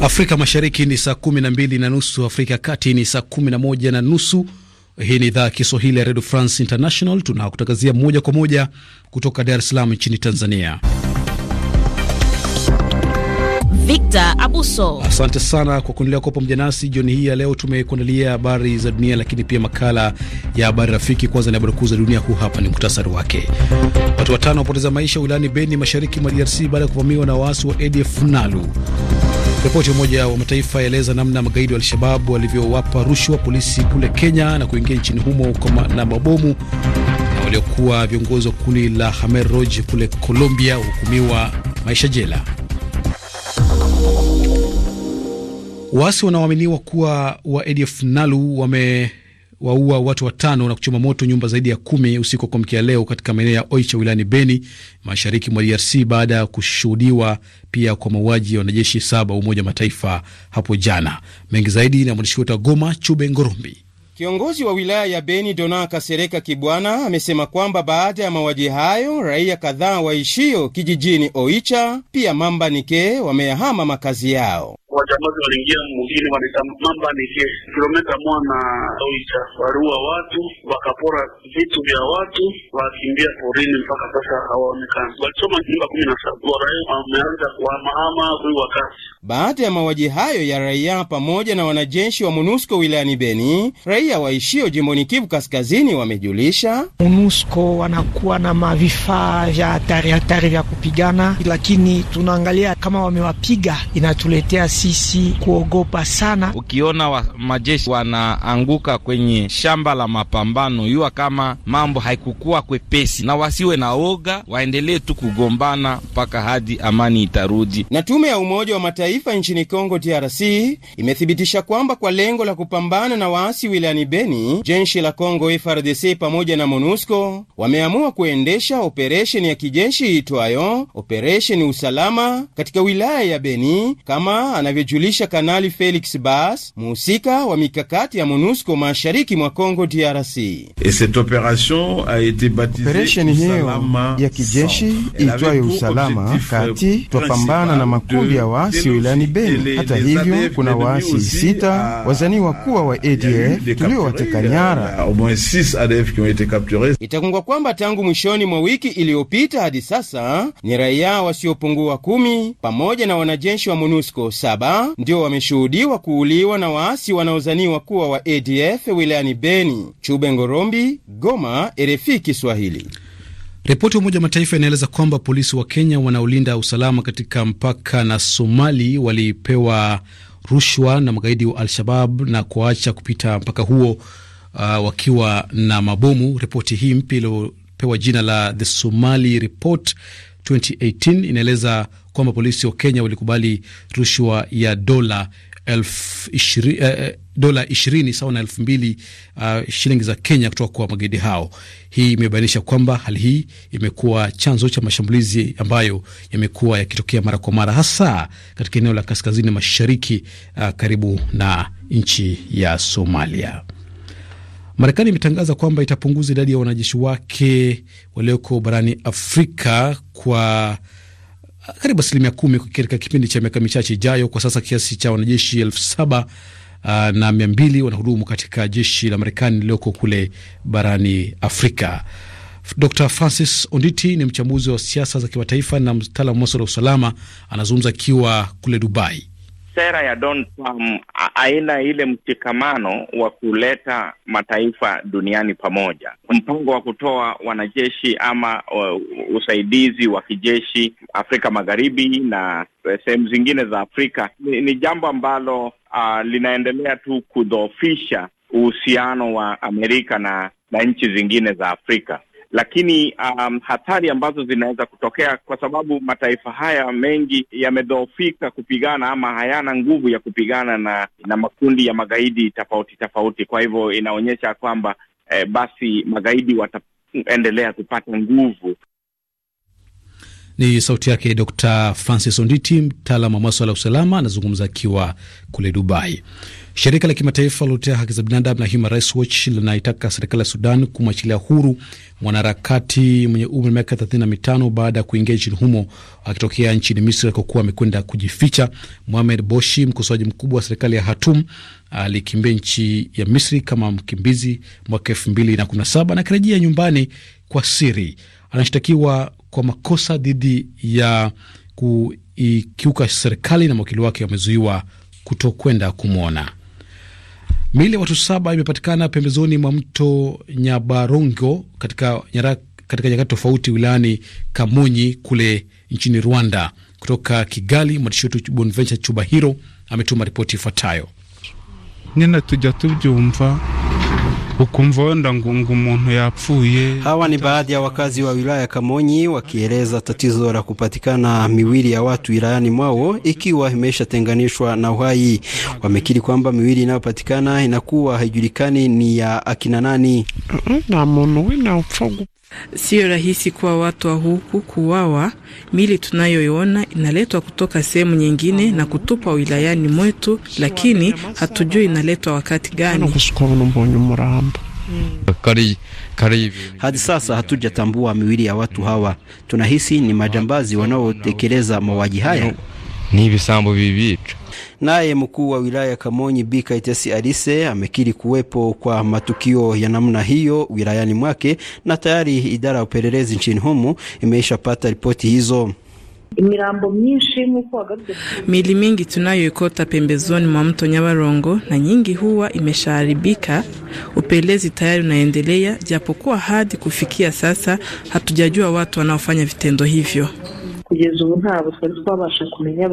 Afrika Mashariki ni saa kumi na mbili na nusu, Afrika ya Kati ni saa kumi na moja na nusu. Hii ni idhaa ya Kiswahili ya Redio France International, tunakutangazia moja kwa moja kutoka Dar es Salaam nchini Tanzania. Victor Abuso, asante sana kwa kuendelea kuwa pamoja nasi jioni hii ya leo. Tumekuandalia habari za dunia, lakini pia makala ya habari rafiki. Kwanza ni habari kuu za dunia, huu hapa ni muhtasari wake. Watu watano wapoteza maisha wilayani Beni, mashariki mwa DRC baada ya kuvamiwa na waasi wa ADF Nalu. Ripoti ya Umoja wa Mataifa yaeleza namna magaidi wa Al-Shababu walivyowapa rushwa polisi kule Kenya na kuingia nchini humo na mabomu, na waliokuwa viongozi wa kundi la Hamer Rouge kule Colombia hukumiwa maisha jela. Waasi wanaoaminiwa kuwa wa ADF Nalu wame waua watu watano na kuchoma moto nyumba zaidi ya kumi usiku wa kuamkia leo katika maeneo ya Oicha wilayani Beni, mashariki mwa DRC, baada ya kushuhudiwa pia kwa mauaji ya wanajeshi saba wa Umoja wa Mataifa hapo jana. Mengi zaidi na mwandishi wetu wa Goma, Chube Ngorumbi. Kiongozi wa wilaya ya Beni, Dona Kasereka Kibwana, amesema kwamba baada ya mauaji hayo raia kadhaa waishio kijijini Oicha pia Mambanike wameyahama makazi yao wajambazi waliingia mjini, walitamamba ni kilomita moja na Oicha, waliua watu, wakapora vitu vya watu, wakimbia porini, mpaka sasa hawaonekani. Walichoma nyumba kumi na saba. Waraia wameanza kuhamahama huyu wakati. Baada ya mauaji hayo ya raia pamoja na wanajeshi wa MONUSCO wilayani Beni, raia waishio jimboni Kivu Kaskazini wamejulisha munusko wanakuwa na mavifaa vya hatari hatari vya kupigana, lakini tunaangalia kama wamewapiga, inatuletea si sisi kuogopa sana. Ukiona wa majeshi wanaanguka kwenye shamba la mapambano, yua kama mambo haikukuwa kwepesi, na wasiwe na oga, waendelee tu kugombana mpaka hadi amani itarudi. Na tume ya Umoja wa Mataifa nchini Kongo DRC imethibitisha kwamba kwa lengo la kupambana na waasi wilayani Beni, jeshi la Kongo frdc pamoja na MONUSCO wameamua kuendesha operesheni ya kijeshi itwayo operesheni usalama katika wilaya ya Beni kama anavyojulisha Kanali Felix bas muhusika wa mikakati ya MONUSCO mashariki mwa congo DRC. Operesheni hiyo ya kijeshi itwayo usalama euh, kati twapambana na makundi ya waasi wilayani Beni. Hata hivyo, kuna waasi sita euh, wazaniwa kuwa wa ADF tuliowateka nyara. Euh, Itakungwa kwamba tangu mwishoni mwa wiki iliyopita hadi sasa ni raia wasiopungua kumi pamoja na wanajeshi wa MONUSCO saba saba ndio wameshuhudiwa kuuliwa na waasi wanaozaniwa kuwa wa ADF wilayani Beni. Chube Ngorombi, Goma, RFI Kiswahili. Ripoti ya Umoja wa Mataifa inaeleza kwamba polisi wa Kenya wanaolinda usalama katika mpaka na Somali walipewa rushwa na magaidi wa Al-Shabab na kuacha kupita mpaka huo uh, wakiwa na mabomu. Ripoti hii mpya iliyopewa jina la The Somali Report 2018 inaeleza kwamba polisi wa Kenya walikubali rushwa ya dola elfu eh, eh, dola ishirini sawa na elfu mbili uh, shilingi za Kenya kutoka kwa magaidi hao. Hii imebainisha kwamba hali hii imekuwa chanzo cha mashambulizi ambayo yamekuwa yakitokea mara kwa mara hasa katika eneo la kaskazini mashariki uh, karibu na nchi ya Somalia. Marekani imetangaza kwamba itapunguza idadi ya wanajeshi wake walioko barani Afrika kwa uh, karibu asilimia kumi katika kipindi cha miaka michache ijayo. Kwa sasa kiasi cha wanajeshi elfu saba uh, na mia mbili wanahudumu katika jeshi la Marekani lilioko kule barani Afrika. Dr Francis Onditi ni mchambuzi wa siasa za kimataifa na mtaalamu wa maswala ya usalama, anazungumza akiwa kule Dubai sera ya Donald Trump haina ile mshikamano wa kuleta mataifa duniani pamoja. Mpango wa kutoa wanajeshi ama uh, usaidizi wa kijeshi Afrika Magharibi na e, sehemu zingine za Afrika ni, ni jambo ambalo uh, linaendelea tu kudhoofisha uhusiano wa Amerika na na nchi zingine za Afrika lakini um, hatari ambazo zinaweza kutokea kwa sababu mataifa haya mengi yamedhoofika kupigana ama hayana nguvu ya kupigana na na makundi ya magaidi tofauti tofauti. Kwa hivyo inaonyesha kwamba eh, basi magaidi wataendelea kupata nguvu. Ni sauti yake Dr. Francis Onditi, mtaalamu wa maswala ya usalama, anazungumza akiwa kule Dubai. Shirika la kimataifa linalotetea haki za binadamu la Human Rights Watch linaitaka serikali ya Sudan kumwachilia huru mwanaharakati mwenye umri wa miaka 35 baada ya kuingia nchini humo akitokea nchini Misri alikokuwa amekwenda kujificha. Mohamed Boshi, mkosoaji mkubwa wa serikali ya Hatum, alikimbia nchi ya Misri kama mkimbizi mwaka 2017 na akirejea nyumbani kwa siri. Anashtakiwa kwa makosa dhidi ya kuikiuka serikali na mawakili wake wamezuiwa kutokwenda kumwona. Miili ya watu saba imepatikana pembezoni mwa mto Nyabarongo katika, katika nyakati tofauti wilayani Kamonyi kule nchini Rwanda. Kutoka Kigali, mwandishi wetu Bonventure Chubahiro ametuma ripoti ifuatayo. nina tuja tubyumva ukumva wenda ngo umuntu yapfuye. Hawa ni baadhi ya wakazi wa wilaya ya Kamonyi wakieleza tatizo la kupatikana miwili ya watu wilayani mwao ikiwa imeshatenganishwa na uhai. Wamekiri kwamba miwili inayopatikana inakuwa haijulikani ni ya akina nani. Sio rahisi kwa watu wa huku kuwawa. Mili tunayoiona inaletwa kutoka sehemu nyingine na kutupwa wilayani mwetu, lakini hatujui inaletwa wakati gani. Hadi sasa hatujatambua miwili ya watu hawa. Tunahisi ni majambazi wanaotekeleza mauaji haya. ni visambo vivitu Naye mkuu wa wilaya ya Kamonyi bika itesi Alise amekiri kuwepo kwa matukio ya namna hiyo wilayani mwake na tayari idara ya upelelezi nchini humu imeishapata ripoti hizo. mili mingi tunayoikota pembezoni mwa mto Nyabarongo na nyingi huwa imeshaharibika. Upelelezi tayari unaendelea, japokuwa hadi kufikia sasa hatujajua watu wanaofanya vitendo hivyo. Kugeza ubu ntabwo twabasha kumenya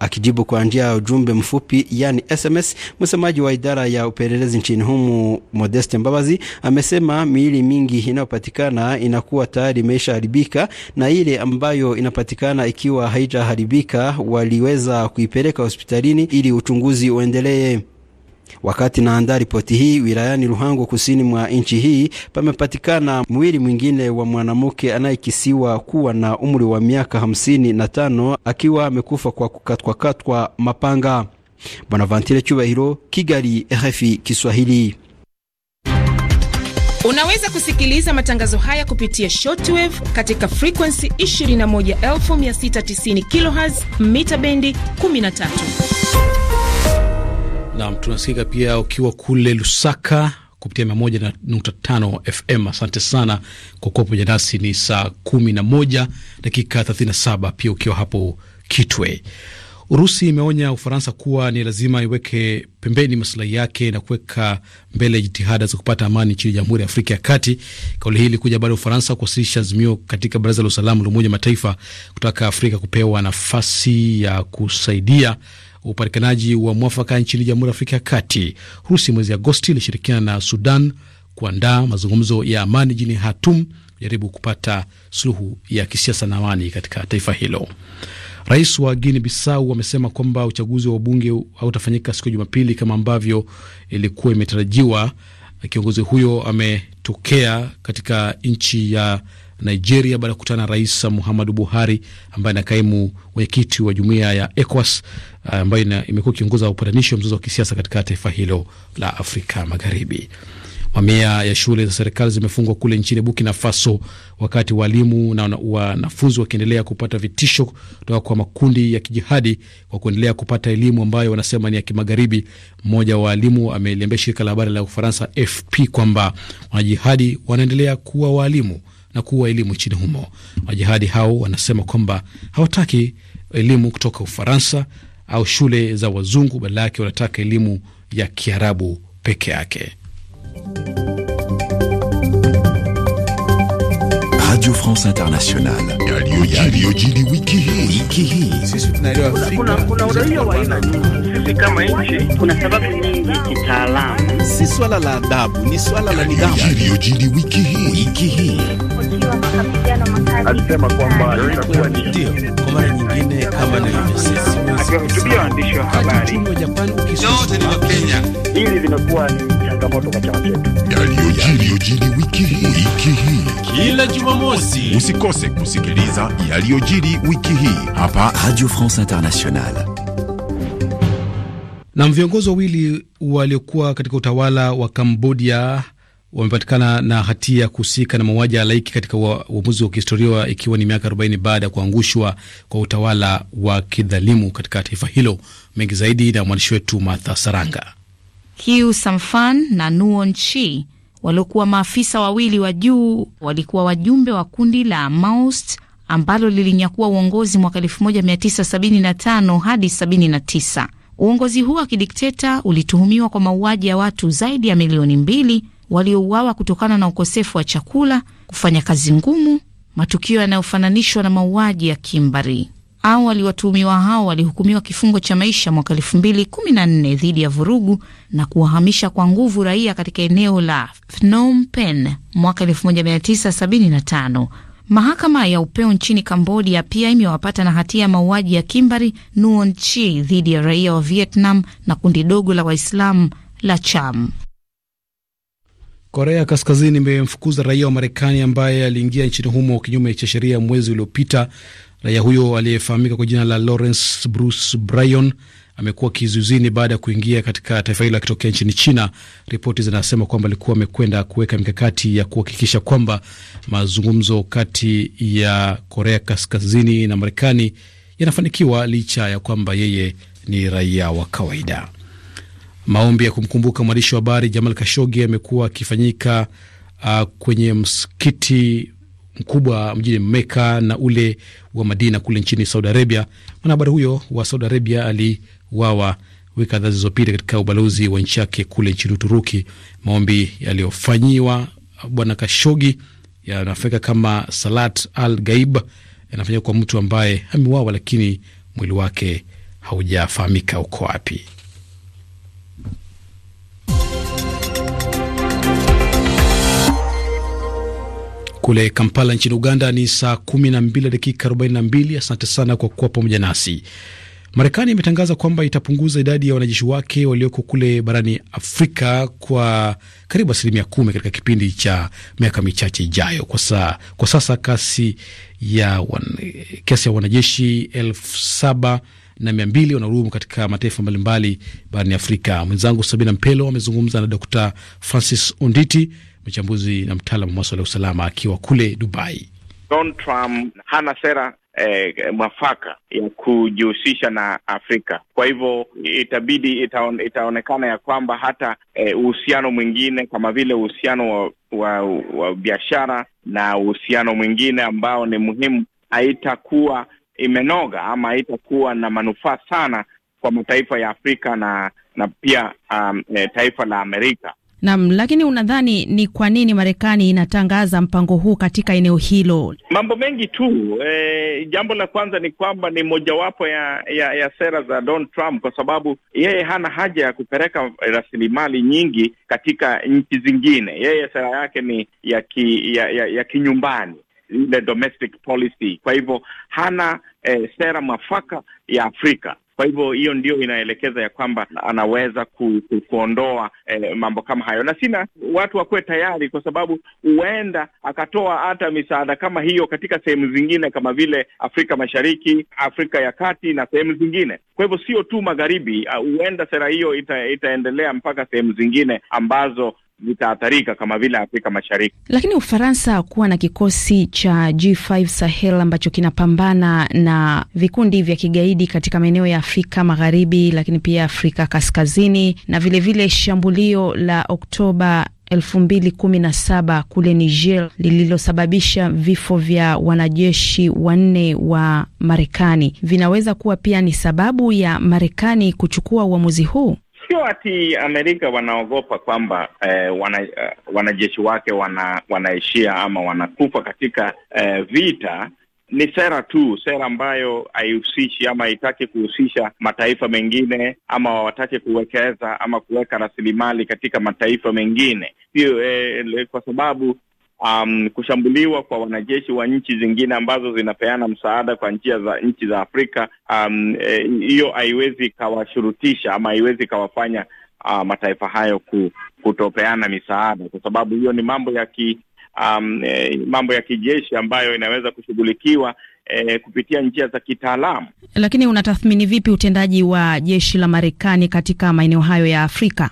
Akijibu kwa njia ya ujumbe mfupi yani SMS, msemaji wa idara ya upelelezi nchini humu Modeste Mbabazi amesema miili mingi inayopatikana inakuwa tayari imeshaharibika na ile ambayo inapatikana ikiwa haijaharibika waliweza kuipeleka hospitalini ili uchunguzi uendelee. Wakati naandaa ripoti hii, wilayani Ruhango kusini mwa nchi hii pamepatikana mwili mwingine wa mwanamke anayekisiwa kuwa na umri wa miaka hamsini na tano akiwa amekufa kwa kukatwakatwa mapanga. Bwana Vantile Cyubahiro, Kigali, RFI Kiswahili. Unaweza kusikiliza matangazo haya kupitia shortwave katika frekuensi 21690 kHz mita bendi 13. Naam, tunasikika pia ukiwa kule Lusaka kupitia mia moja na nukta tano FM. Asante sana kwa kuwa pamoja nasi. Ni saa kumi na moja dakika thelathini na saba pia ukiwa hapo Kitwe. Urusi imeonya Ufaransa kuwa ni lazima iweke pembeni masilahi yake na kuweka mbele jitihada za kupata amani nchini Jamhuri ya Afrika ya Kati. Kauli hii ilikuja baada ya Ufaransa kuwasilisha azimio katika Baraza la Usalama la Umoja Mataifa kutaka Afrika kupewa nafasi ya kusaidia upatikanaji wa mwafaka nchini Jamhuri ya Afrika ya Kati. Urusi mwezi Agosti ilishirikiana na Sudan kuandaa mazungumzo ya amani jini Hatum kujaribu kupata suluhu ya kisiasa na amani katika taifa hilo. Rais wa Guinea Bissau amesema kwamba uchaguzi wa ubunge hautafanyika siku ya Jumapili kama ambavyo ilikuwa imetarajiwa. Kiongozi huyo ametokea katika nchi ya Nigeria baada ya kukutana na Rais Muhammadu Buhari ambaye na kaimu mwenyekiti wa jumuiya ya ECOWAS ambayo imekuwa ikiongoza upatanishi wa mzozo wa kisiasa katika taifa hilo la Afrika Magharibi. Mamia ya shule za serikali zimefungwa kule nchini Burkina Faso, wakati walimu na wanafunzi wakiendelea kupata vitisho kutoka kwa makundi ya kijihadi kwa kuendelea kupata elimu ambayo wanasema ni ya kimagharibi. Mmoja wa walimu ameliambia shirika la habari la Ufaransa FP kwamba wanajihadi wanaendelea kuwa waalimu na kuwa elimu nchini humo. Wajihadi hao wanasema kwamba hawataki elimu kutoka Ufaransa au shule za wazungu, badala yake wanataka elimu ya Kiarabu peke yake. Radio France Internationale. Yaliyojiri wiki hii. Wiki hii. Sisi tunaelewa kuna kuna uraia wa aina nyingi. Sisi kama nchi kuna sababu nyingi kitaalamu. Si swala la adabu, ni swala la nidhamu. Yaliyojiri wiki hii. Wiki hii alisema kwamba itakuwa ndio kwa mara nyingine kama akiwahutubia waandishi wa habari. Yote ni hili limekuwa ni changamoto kwa chama chetu. Yaliyojiri wiki hii kila Jumamosi, usikose kusikiliza yaliyojiri wiki hii hapa Radio France Internationale. Na viongozi wawili waliokuwa katika utawala wa Kambodia wamepatikana na hatia ya kuhusika na mauaji ya halaiki katika uamuzi wa, wa kihistoria ikiwa ni miaka 40 baada ya kuangushwa kwa utawala wa kidhalimu katika taifa hilo. Mengi zaidi na mwandishi wetu Martha Saranga. Hiu Samfan na Nuon Chi waliokuwa maafisa wawili wa juu walikuwa wajumbe wa kundi la Maoist ambalo lilinyakua uongozi mwaka 1975 hadi 79. Uongozi huo wa kidikteta ulituhumiwa kwa mauaji ya watu zaidi ya milioni mbili waliouawa kutokana na ukosefu wa chakula, kufanya kazi ngumu, matukio yanayofananishwa na mauaji ya kimbari. Awali watuhumiwa hao walihukumiwa kifungo cha maisha mwaka elfu mbili kumi na nne dhidi ya vurugu na kuwahamisha kwa nguvu raia katika eneo la Phnom Penh mwaka elfu moja mia tisa sabini na tano. Mahakama ya upeo nchini Kambodia pia imewapata na hatia ya mauaji ya kimbari Nuon Chi dhidi ya raia wa Vietnam na kundi dogo la Waislamu la Cham. Korea Kaskazini imemfukuza raia wa Marekani ambaye aliingia nchini humo kinyume cha sheria mwezi uliopita. Raia huyo aliyefahamika kwa jina la Lawrence Bruce Bryan amekuwa kizuizini baada ya kuingia katika taifa hilo akitokea nchini China. Ripoti zinasema kwamba alikuwa amekwenda kuweka mikakati ya kuhakikisha kwamba mazungumzo kati ya Korea Kaskazini na Marekani yanafanikiwa licha ya kwamba yeye ni raia wa kawaida. Maombi ya kumkumbuka mwandishi wa habari Jamal Kashogi yamekuwa akifanyika uh, kwenye msikiti mkubwa mjini Meka na ule wa Madina kule nchini Saudi Arabia. Mwanahabari huyo wa Saudi Arabia aliwawa wiki kadhaa zilizopita katika ubalozi wa nchi yake kule nchini Uturuki. Maombi yaliyofanyiwa bwana Kashogi yanafanyika kama salat al gaib, yanafanyika kwa mtu ambaye amewawa lakini mwili wake haujafahamika uko wapi. Kule Kampala nchini Uganda ni saa 12 dakika 42. Asante sana kwa kuwa pamoja nasi. Marekani imetangaza kwamba itapunguza idadi ya wanajeshi wake walioko kule barani Afrika kwa karibu asilimia kumi katika kipindi cha miaka michache ijayo. Kwa, saa, kwa sasa kasi ya, wan, kasi ya wanajeshi elfu saba na mia mbili wanahudumu katika mataifa mbalimbali barani Afrika. Mwenzangu Sabina Mpelo amezungumza na d Francis Onditi, mchambuzi na mtaalamu wa maswala ya usalama akiwa kule Dubai. Donald Trump hana sera eh, mwafaka ya kujihusisha na Afrika. Kwa hivyo itabidi itaon, itaonekana ya kwamba hata eh, uhusiano eh, mwingine kama vile uhusiano wa, wa, wa biashara na uhusiano mwingine ambao ni muhimu haitakuwa imenoga ama haitakuwa na manufaa sana kwa mataifa ya Afrika na na pia um, eh, taifa la Amerika nam lakini unadhani ni kwa nini Marekani inatangaza mpango huu katika eneo hilo? Mambo mengi tu. E, jambo la kwanza ni kwamba ni mojawapo ya, ya, ya sera za Donald Trump kwa sababu yeye hana haja ya kupeleka rasilimali nyingi katika nchi zingine. Yeye sera yake ni ya ki, ya, ya, ya kinyumbani ile domestic policy. Kwa hivyo hana e, sera mwafaka ya Afrika kwa hivyo hiyo ndio inaelekeza ya kwamba anaweza ku, ku, kuondoa eh, mambo kama hayo, na sina watu wakuwe tayari, kwa sababu huenda akatoa hata misaada kama hiyo katika sehemu zingine kama vile Afrika Mashariki, Afrika ya Kati na sehemu zingine. Kwa hivyo sio tu magharibi, ah, huenda uh, sera hiyo ita, itaendelea mpaka sehemu zingine ambazo zitaathirika kama vile Afrika Mashariki. Lakini Ufaransa kuwa na kikosi cha G5 Sahel ambacho kinapambana na vikundi vya kigaidi katika maeneo ya Afrika Magharibi, lakini pia Afrika Kaskazini na vilevile vile shambulio la Oktoba elfu mbili kumi na saba kule Niger lililosababisha vifo vya wanajeshi wanne wa Marekani vinaweza kuwa pia ni sababu ya Marekani kuchukua uamuzi huu sio ati Amerika wanaogopa kwamba eh, wana, uh, wanajeshi wake wana, wanaishia ama wanakufa katika eh, vita. Ni sera tu, sera ambayo haihusishi ama haitaki kuhusisha mataifa mengine, ama hawataki kuwekeza ama kuweka rasilimali katika mataifa mengine, sio eh, kwa sababu um, kushambuliwa kwa wanajeshi wa nchi zingine ambazo zinapeana msaada kwa njia za nchi za Afrika um, eh, hiyo, um, haiwezi ikawashurutisha ama haiwezi ikawafanya uh, mataifa hayo ku, kutopeana misaada kwa sababu hiyo ni mambo ya ki Um, e, mambo ya kijeshi ambayo inaweza kushughulikiwa e, kupitia njia za kitaalamu. Lakini unatathmini vipi utendaji wa jeshi la Marekani katika maeneo hayo ya Afrika?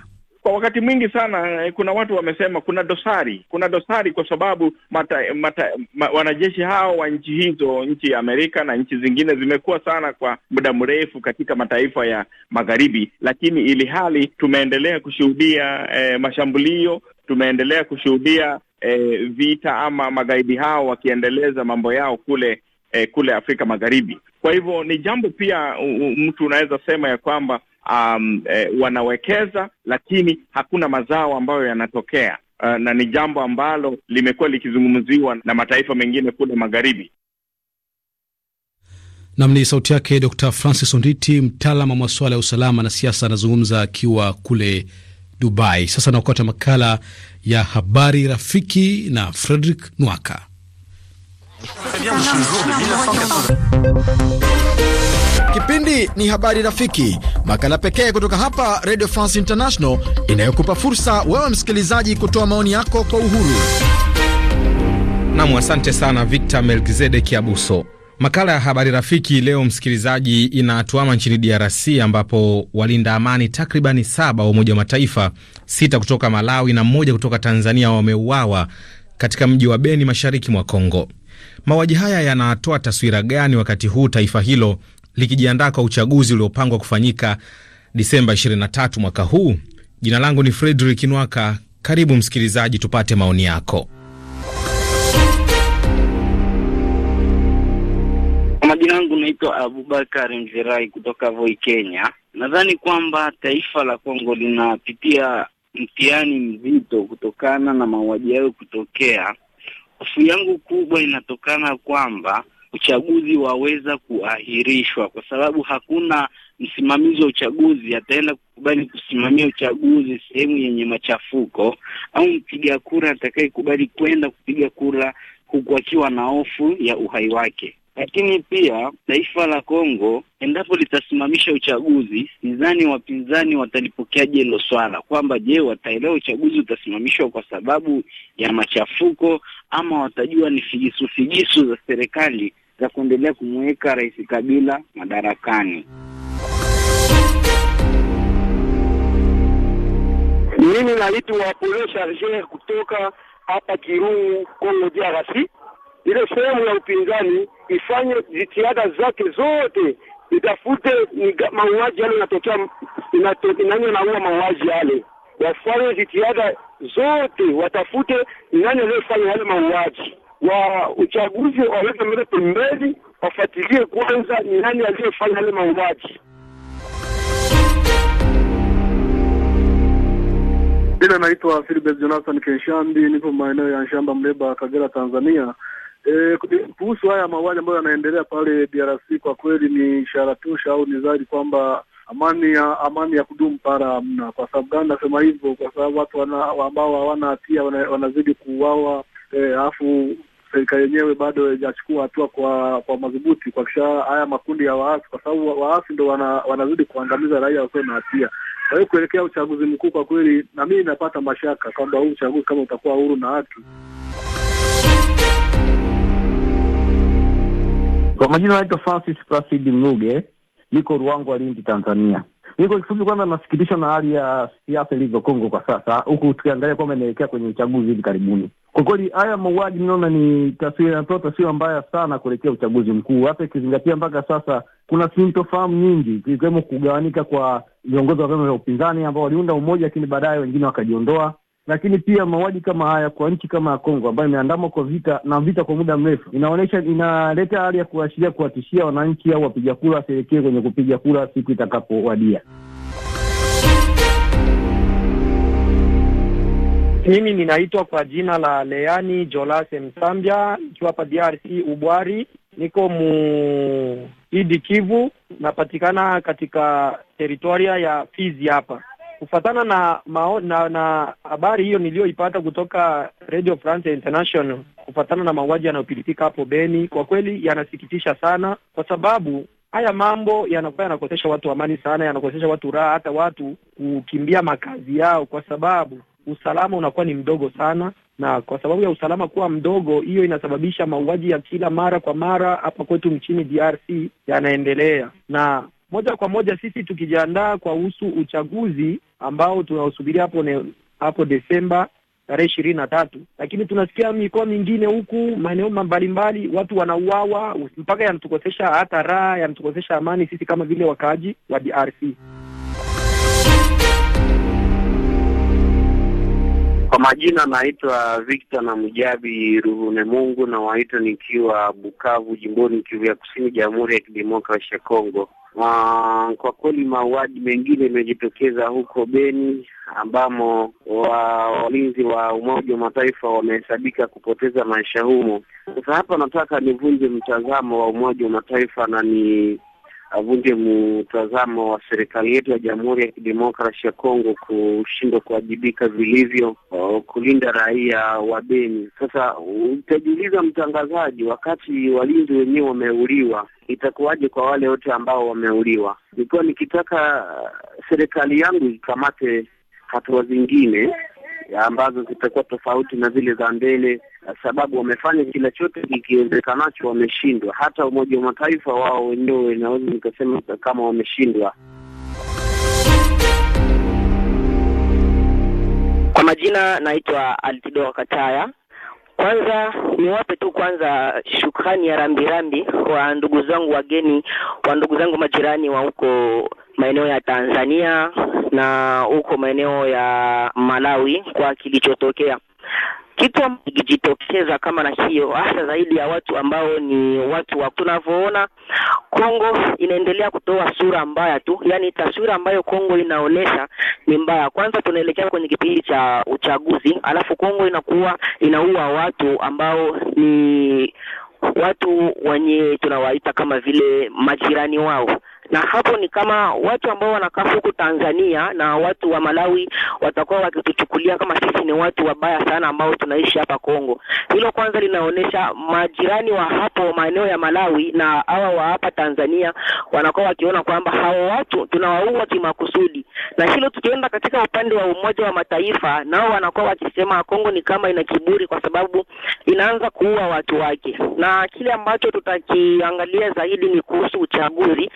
Kwa wakati mwingi sana eh, kuna watu wamesema kuna dosari, kuna dosari kwa sababu mata, mata, ma, wanajeshi hao wa nchi hizo, nchi ya Amerika na nchi zingine zimekuwa sana kwa muda mrefu katika mataifa ya magharibi, lakini ili hali tumeendelea kushuhudia eh, mashambulio, tumeendelea kushuhudia eh, vita ama magaidi hao wakiendeleza mambo yao kule eh, kule Afrika Magharibi. Kwa hivyo ni jambo pia mtu unaweza sema ya kwamba um, e, wanawekeza lakini hakuna mazao ambayo yanatokea. Uh, na ni jambo ambalo limekuwa likizungumziwa na mataifa mengine kule magharibi. Nam ni sauti yake Dr. Francis Onditi, mtaalamu wa masuala ya usalama na siasa, anazungumza akiwa kule Dubai. Sasa anaokota makala ya habari rafiki na Frederick Nwaka Kipindi ni Habari Rafiki, makala pekee kutoka hapa Radio France International inayokupa fursa wewe msikilizaji kutoa maoni yako kwa uhuru. Nam, asante sana Victor Melkizedeki Abuso. Makala ya Habari Rafiki leo msikilizaji, inatuama nchini DRC ambapo walinda amani takribani saba wa Umoja wa Mataifa, sita kutoka Malawi na mmoja kutoka Tanzania wameuawa katika mji wa Beni mashariki mwa Kongo. Mauaji haya yanatoa taswira gani wakati huu taifa hilo likijiandaa kwa uchaguzi uliopangwa kufanyika Disemba 23 mwaka huu. Jina langu ni Fredrik Nwaka. Karibu msikilizaji, tupate maoni yako. Majina yangu naitwa Abubakar Mzirai kutoka Voi, Kenya. Nadhani kwamba taifa la Kongo linapitia mtihani mzito kutokana na mauaji hayo kutokea. Hofu yangu kubwa inatokana kwamba uchaguzi waweza kuahirishwa, kwa sababu hakuna msimamizi wa uchaguzi ataenda kukubali kusimamia uchaguzi sehemu yenye machafuko, au mpiga kura atakayekubali kwenda kupiga kura huku akiwa na hofu ya uhai wake. Lakini pia taifa la Kongo endapo litasimamisha uchaguzi, sidhani wapinzani watalipokeaje hilo swala, kwamba je, wataelewa uchaguzi utasimamishwa kwa sababu ya machafuko ama watajua ni figisu figisu za serikali za kuendelea kumweka Rais Kabila madarakani. Mimi naitwa Polo Charger kutoka hapa Kirungu, Kongo DRC ile sehemu ya upinzani ifanye jitihada zake zote itafute mauaji yale inatokea nani anaua mauaji yale, wafanye jitihada zote, watafute nani aliyefanya yale mauaji, wa uchaguzi waweke mbele pembeni, wafuatilie kwanza ni nani aliyefanya yale mauaji. Jina naitwa Philibert Jonathan Kenshambi, nipo maeneo ya Nshamba, Mleba, Kagera, Tanzania. E, kuhusu haya mauaji ambayo yanaendelea pale DRC kwa kweli ni ishara tosha au ni zaidi kwamba amani ya amani ya kudumu para hamna. Kwa sababu gani nasema hivyo? Kwa sababu watu wana, ambao hawana hatia wana, wanazidi kuuawa, eh, alafu e, serikali yenyewe bado haijachukua hatua kwa kwa madhubuti kuhakikisha haya makundi ya waasi, kwa sababu waasi ndo wana, wanazidi kuangamiza raia wasio na hatia. Kwa hiyo kuelekea uchaguzi mkuu, kwa kweli na mimi napata mashaka kwamba huu uchaguzi kama utakuwa huru na haki Kwa majina naitwa Francis Placid Mnuge, niko Ruangwa, Lindi, Tanzania. Niko kifupi, kwanza nasikitishwa na hali ya siasa ilivyo Kongo kwa sasa, huku tukiangalia kwamba inaelekea kwenye uchaguzi hivi karibuni. Kwa kweli haya mauaji naona ni taswira, inatoa taswira mbaya sana kuelekea uchaguzi mkuu, hata ikizingatia mpaka sasa kuna sintofahamu nyingi, ikiwemo kugawanika kwa viongozi wa vyama vya upinzani ambao waliunda umoja, lakini baadaye wengine wakajiondoa lakini pia mauaji kama haya kwa nchi kama ya Kongo ambayo imeandamwa kwa vita na vita kwa muda mrefu, inaonyesha inaleta hali ya kuashiria kuwatishia wananchi au wapiga kura wasielekee kwenye kupiga kura siku itakapowadia. Mimi ninaitwa kwa jina la Leani Jolase Msambia, ikiwa hapa DRC Ubwari, niko mu Idi Kivu, napatikana katika teritoria ya Fizi hapa Kufatana na mao, na na habari hiyo niliyoipata kutoka Radio France International, kufatana na mauaji yanayopilitika hapo Beni, kwa kweli yanasikitisha sana, kwa sababu haya mambo yanakuwa yanakosesha watu amani sana, yanakosesha watu raha, hata watu kukimbia makazi yao, kwa sababu usalama unakuwa ni mdogo sana, na kwa sababu ya usalama kuwa mdogo, hiyo inasababisha mauaji ya kila mara kwa mara hapa kwetu nchini DRC yanaendelea na moja kwa moja sisi tukijiandaa kwa husu uchaguzi ambao tunaosubiria hapo hapo Desemba tarehe ishirini na tatu, lakini tunasikia mikoa mingine huku maeneo mbalimbali watu wanauawa, mpaka yanatukosesha hata raha, yanatukosesha amani sisi kama vile wakaaji wa DRC. Kwa majina naitwa Victor na Mujabi Ruhune Mungu na waitwa nikiwa Bukavu, jimboni Kivu ya Kusini, Jamhuri ya Kidemokrasia ya Kongo. Uh, kwa kweli mauaji mengine imejitokeza huko Beni ambamo wa, walinzi wa Umoja wa Mataifa wamehesabika kupoteza maisha humo. Sasa hapa nataka nivunje mtazamo wa Umoja wa Mataifa na ni avunje mtazamo wa serikali yetu ya Jamhuri ya Kidemokrasi ya Kongo kushindwa kuwajibika vilivyo kulinda raia wa Beni. Sasa utajiuliza, mtangazaji, wakati walinzi wenyewe wameuliwa, itakuwaje kwa wale wote ambao wameuliwa? Nilikuwa nikitaka serikali yangu ikamate hatua zingine ambazo zitakuwa tofauti na zile za mbele, sababu wamefanya kila chote kikiwezekanacho, wameshindwa. Hata Umoja wa Mataifa wao wenyewe naweza nikasema kama wameshindwa. Kwa majina naitwa Altidoa Kataya. Kwanza niwape tu kwanza shukrani ya rambirambi kwa ndugu zangu wageni wa ndugu zangu majirani wa huko maeneo ya Tanzania na huko maeneo ya Malawi kwa kilichotokea kitu ambacho kijitokeza kama na hiyo hasa zaidi ya watu ambao ni watu wa tunavyoona, Kongo inaendelea kutoa sura mbaya tu, yaani taswira ambayo Kongo inaonesha ni mbaya. Kwanza tunaelekea kwenye kipindi cha uchaguzi, alafu Kongo inakuwa inaua watu ambao ni watu wenye tunawaita kama vile majirani wao na hapo ni kama watu ambao wanakaa huku Tanzania na watu wa Malawi watakuwa wakituchukulia kama sisi ni watu wabaya sana ambao tunaishi hapa Kongo. Hilo kwanza linaonyesha majirani wa hapo maeneo ya Malawi na hawa wa hapa Tanzania wanakuwa wakiona kwamba hao watu tunawaua kimakusudi, na hilo tukienda katika upande wa Umoja wa Mataifa, nao wanakuwa wakisema Kongo ni kama ina kiburi, kwa sababu inaanza kuua watu wake, na kile ambacho tutakiangalia zaidi ni kuhusu uchaguzi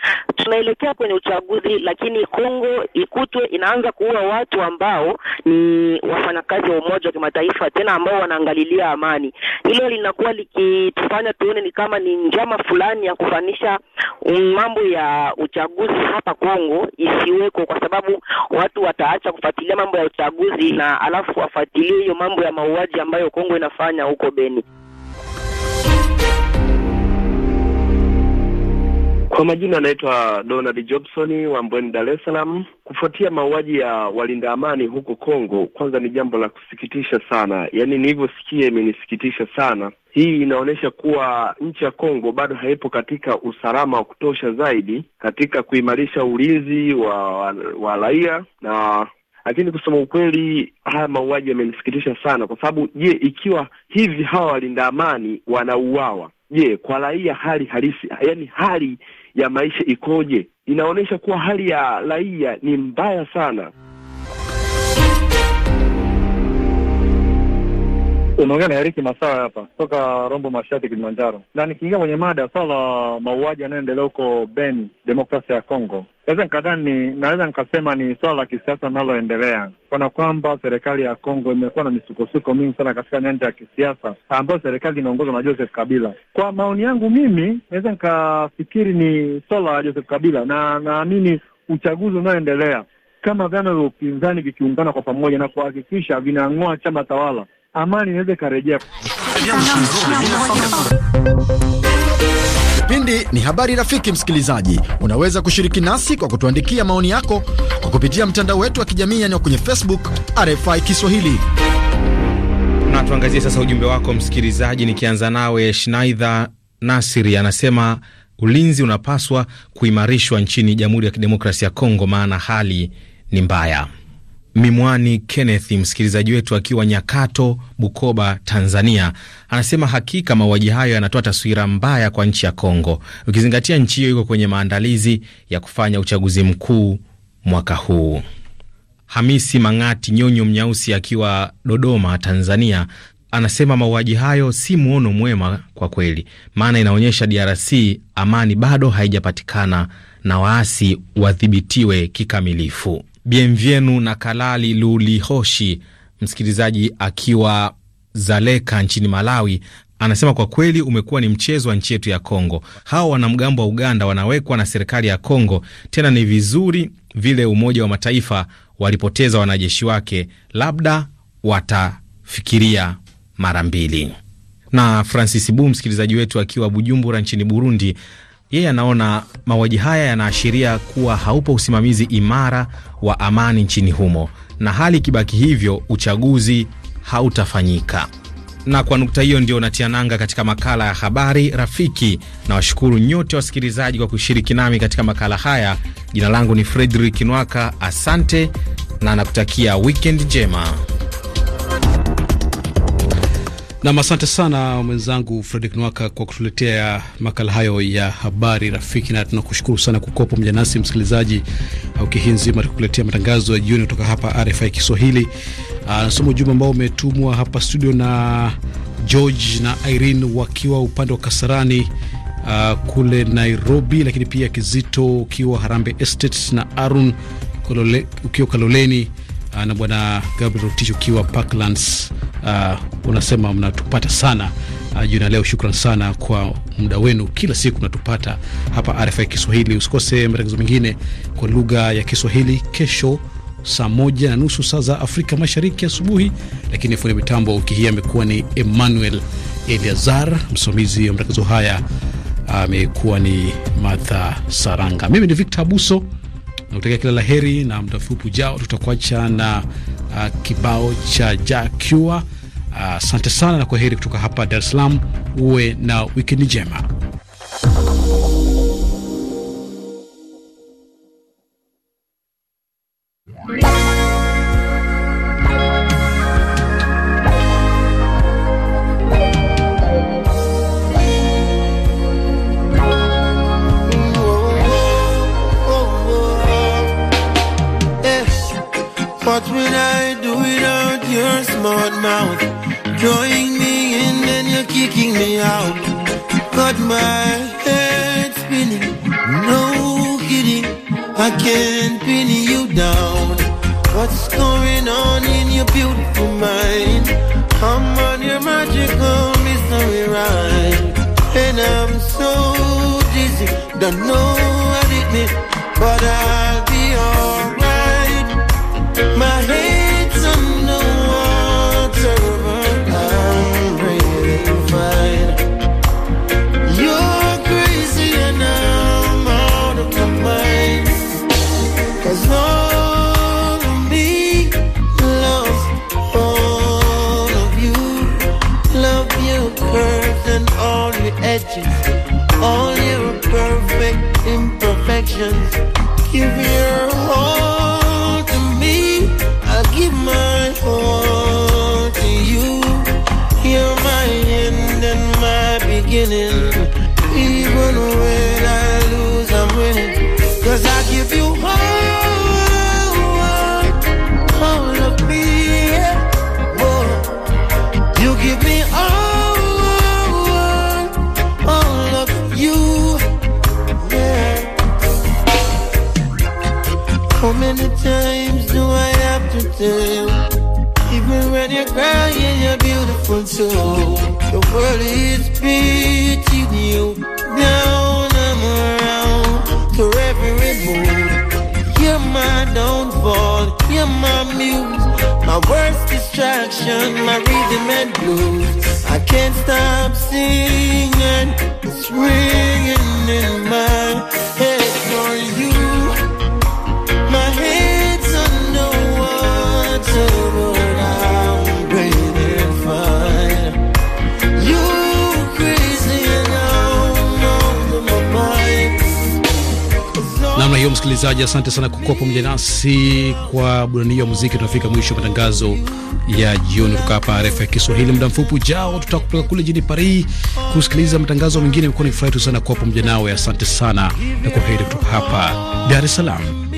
tunaelekea kwenye uchaguzi, lakini Kongo ikutwe inaanza kuua watu ambao ni wafanyakazi wa Umoja wa Kimataifa, tena ambao wanaangalilia amani. Hilo linakuwa likitufanya tuone ni kama ni njama fulani ya kufanisha mm, mambo ya uchaguzi hapa Kongo isiweko, kwa sababu watu wataacha kufuatilia mambo ya uchaguzi na alafu wafuatilie hiyo mambo ya mauaji ambayo Kongo inafanya huko Beni. Kwa majina anaitwa Donald Jobson wa Mbweni, Dar es Salaam. Kufuatia mauaji ya walinda amani huko Kongo, kwanza ni jambo la kusikitisha sana, yaani nilivyosikia imenisikitisha sana. Hii inaonyesha kuwa nchi ya Kongo bado haipo katika usalama wa kutosha zaidi katika kuimarisha ulinzi wa, wa, wa raia na lakini kusema ukweli, haya mauaji yamenisikitisha sana, kwa sababu je, ikiwa hivi hawa walinda amani wanauawa, je, kwa raia hali halisi, yaani hali ya maisha ikoje, inaonyesha kuwa hali ya raia ni mbaya sana. Unaongea na Eriki Masawe hapa toka Rombo Mashati, Kilimanjaro, na nikiingia kwenye mada swala la mauaji yanayoendelea huko Beni, demokrasia ya Kongo, naweza nikadhani, naweza nikasema ni swala la kisiasa linaloendelea, kana kwamba serikali ya Kongo imekuwa na misukosuko mingi sana katika nyanja ya kisiasa, ambayo serikali inaongozwa na Joseph Kabila. Kwa maoni yangu mimi, naweza nikafikiri ni swala la Joseph Kabila, na naamini uchaguzi unaoendelea, kama vyama vya upinzani vikiungana kwa pamoja na kuhakikisha vinang'oa chama tawala amani inaweza ikarejea. Kipindi ni habari rafiki. Msikilizaji, unaweza kushiriki nasi kwa kutuandikia maoni yako kwa kupitia mtandao wetu wa kijamii yani kwenye Facebook RFI Kiswahili. Na tuangazie sasa ujumbe wako msikilizaji, nikianza nawe Shnaidha Nasiri anasema ulinzi unapaswa kuimarishwa nchini Jamhuri ya Kidemokrasia ya Kongo, maana hali ni mbaya. Mimwani Kenneth, msikilizaji wetu akiwa Nyakato, Bukoba, Tanzania, anasema hakika mauaji hayo yanatoa taswira mbaya kwa nchi ya Kongo, ukizingatia nchi hiyo iko kwenye maandalizi ya kufanya uchaguzi mkuu mwaka huu. Hamisi Mang'ati Nyonyo Mnyausi akiwa Dodoma, Tanzania, anasema mauaji hayo si mwono mwema kwa kweli, maana inaonyesha DRC amani bado haijapatikana na waasi wadhibitiwe kikamilifu. Bienvenu na Kalali Lulihoshi, msikilizaji akiwa Zaleka nchini Malawi anasema kwa kweli umekuwa ni mchezo wa nchi yetu ya Kongo. Hawa wanamgambo wa Uganda wanawekwa na serikali ya Kongo, tena ni vizuri vile Umoja wa Mataifa walipoteza wanajeshi wake, labda watafikiria mara mbili. Na Francis Bu, msikilizaji wetu akiwa Bujumbura nchini Burundi, yeye anaona mauaji haya yanaashiria kuwa haupo usimamizi imara wa amani nchini humo, na hali ikibaki hivyo, uchaguzi hautafanyika. Na kwa nukta hiyo ndio unatia nanga katika makala ya habari rafiki. Nawashukuru nyote wasikilizaji kwa kushiriki nami katika makala haya. Jina langu ni Fredrik Nwaka, asante na nakutakia wikend njema. Nam, asante sana mwenzangu Fredrick Nwaka kwa kutuletea makala hayo ya habari rafiki, na tunakushukuru sana kukuwa pamoja nasi msikilizaji wiki hii nzima, tukuletea matangazo ya jioni kutoka hapa RFI Kiswahili. Ah, nasoma ujumbe ambao umetumwa hapa studio na George na Irene wakiwa upande wa Kasarani Uh, kule Nairobi, lakini pia Kizito ukiwa Harambe Estates na Arun ukiwa Kaloleni Ah, na bwana Gabriel Rotich ukiwa Parklands, uh, unasema mnatupata sana uh, jioni leo. Shukran sana kwa muda wenu, kila siku mnatupata hapa RFI Kiswahili. Usikose matangazo mengine kwa lugha ya Kiswahili kesho saa moja na nusu saa za Afrika Mashariki asubuhi. Lakini fundi mitambo wiki hii amekuwa ni Emmanuel Eliazar, msimamizi wa matangazo haya amekuwa ni Martha Saranga, mimi ni Victor Abuso nakutakia kila la heri, na muda mfupi ujao tutakuacha na uh, kibao cha Jacua. Uh, asante uh, sana na kwa heri kutoka hapa Dar es Salaam. Uwe na wikendi njema. my head spinning. No kidding, I can't pin you down. What's going on in your beautiful mind? I'm on your magical mystery ride, and I'm so dizzy, don't know what it means, but I'll be alright. My legend. All your perfect imperfections. Give your so the world is beating you down. I'm around to every mood. You're my downfall. You're my muse. My worst distraction. My rhythm and blues. I can't stop singing. It's ringing in my hiyo msikilizaji, asante sana kukuwa pamoja nasi kwa burudani hiyo ya muziki. Tunafika mwisho matangazo ya jioni kutoka hapa RFI ya Kiswahili. Muda mfupi ujao, tutakupeleka kule jijini Paris kusikiliza matangazo mengine. Imekuwa ni furaha sana kuwa pamoja nawe, asante sana na kwa heri kutoka hapa Dar es Salaam.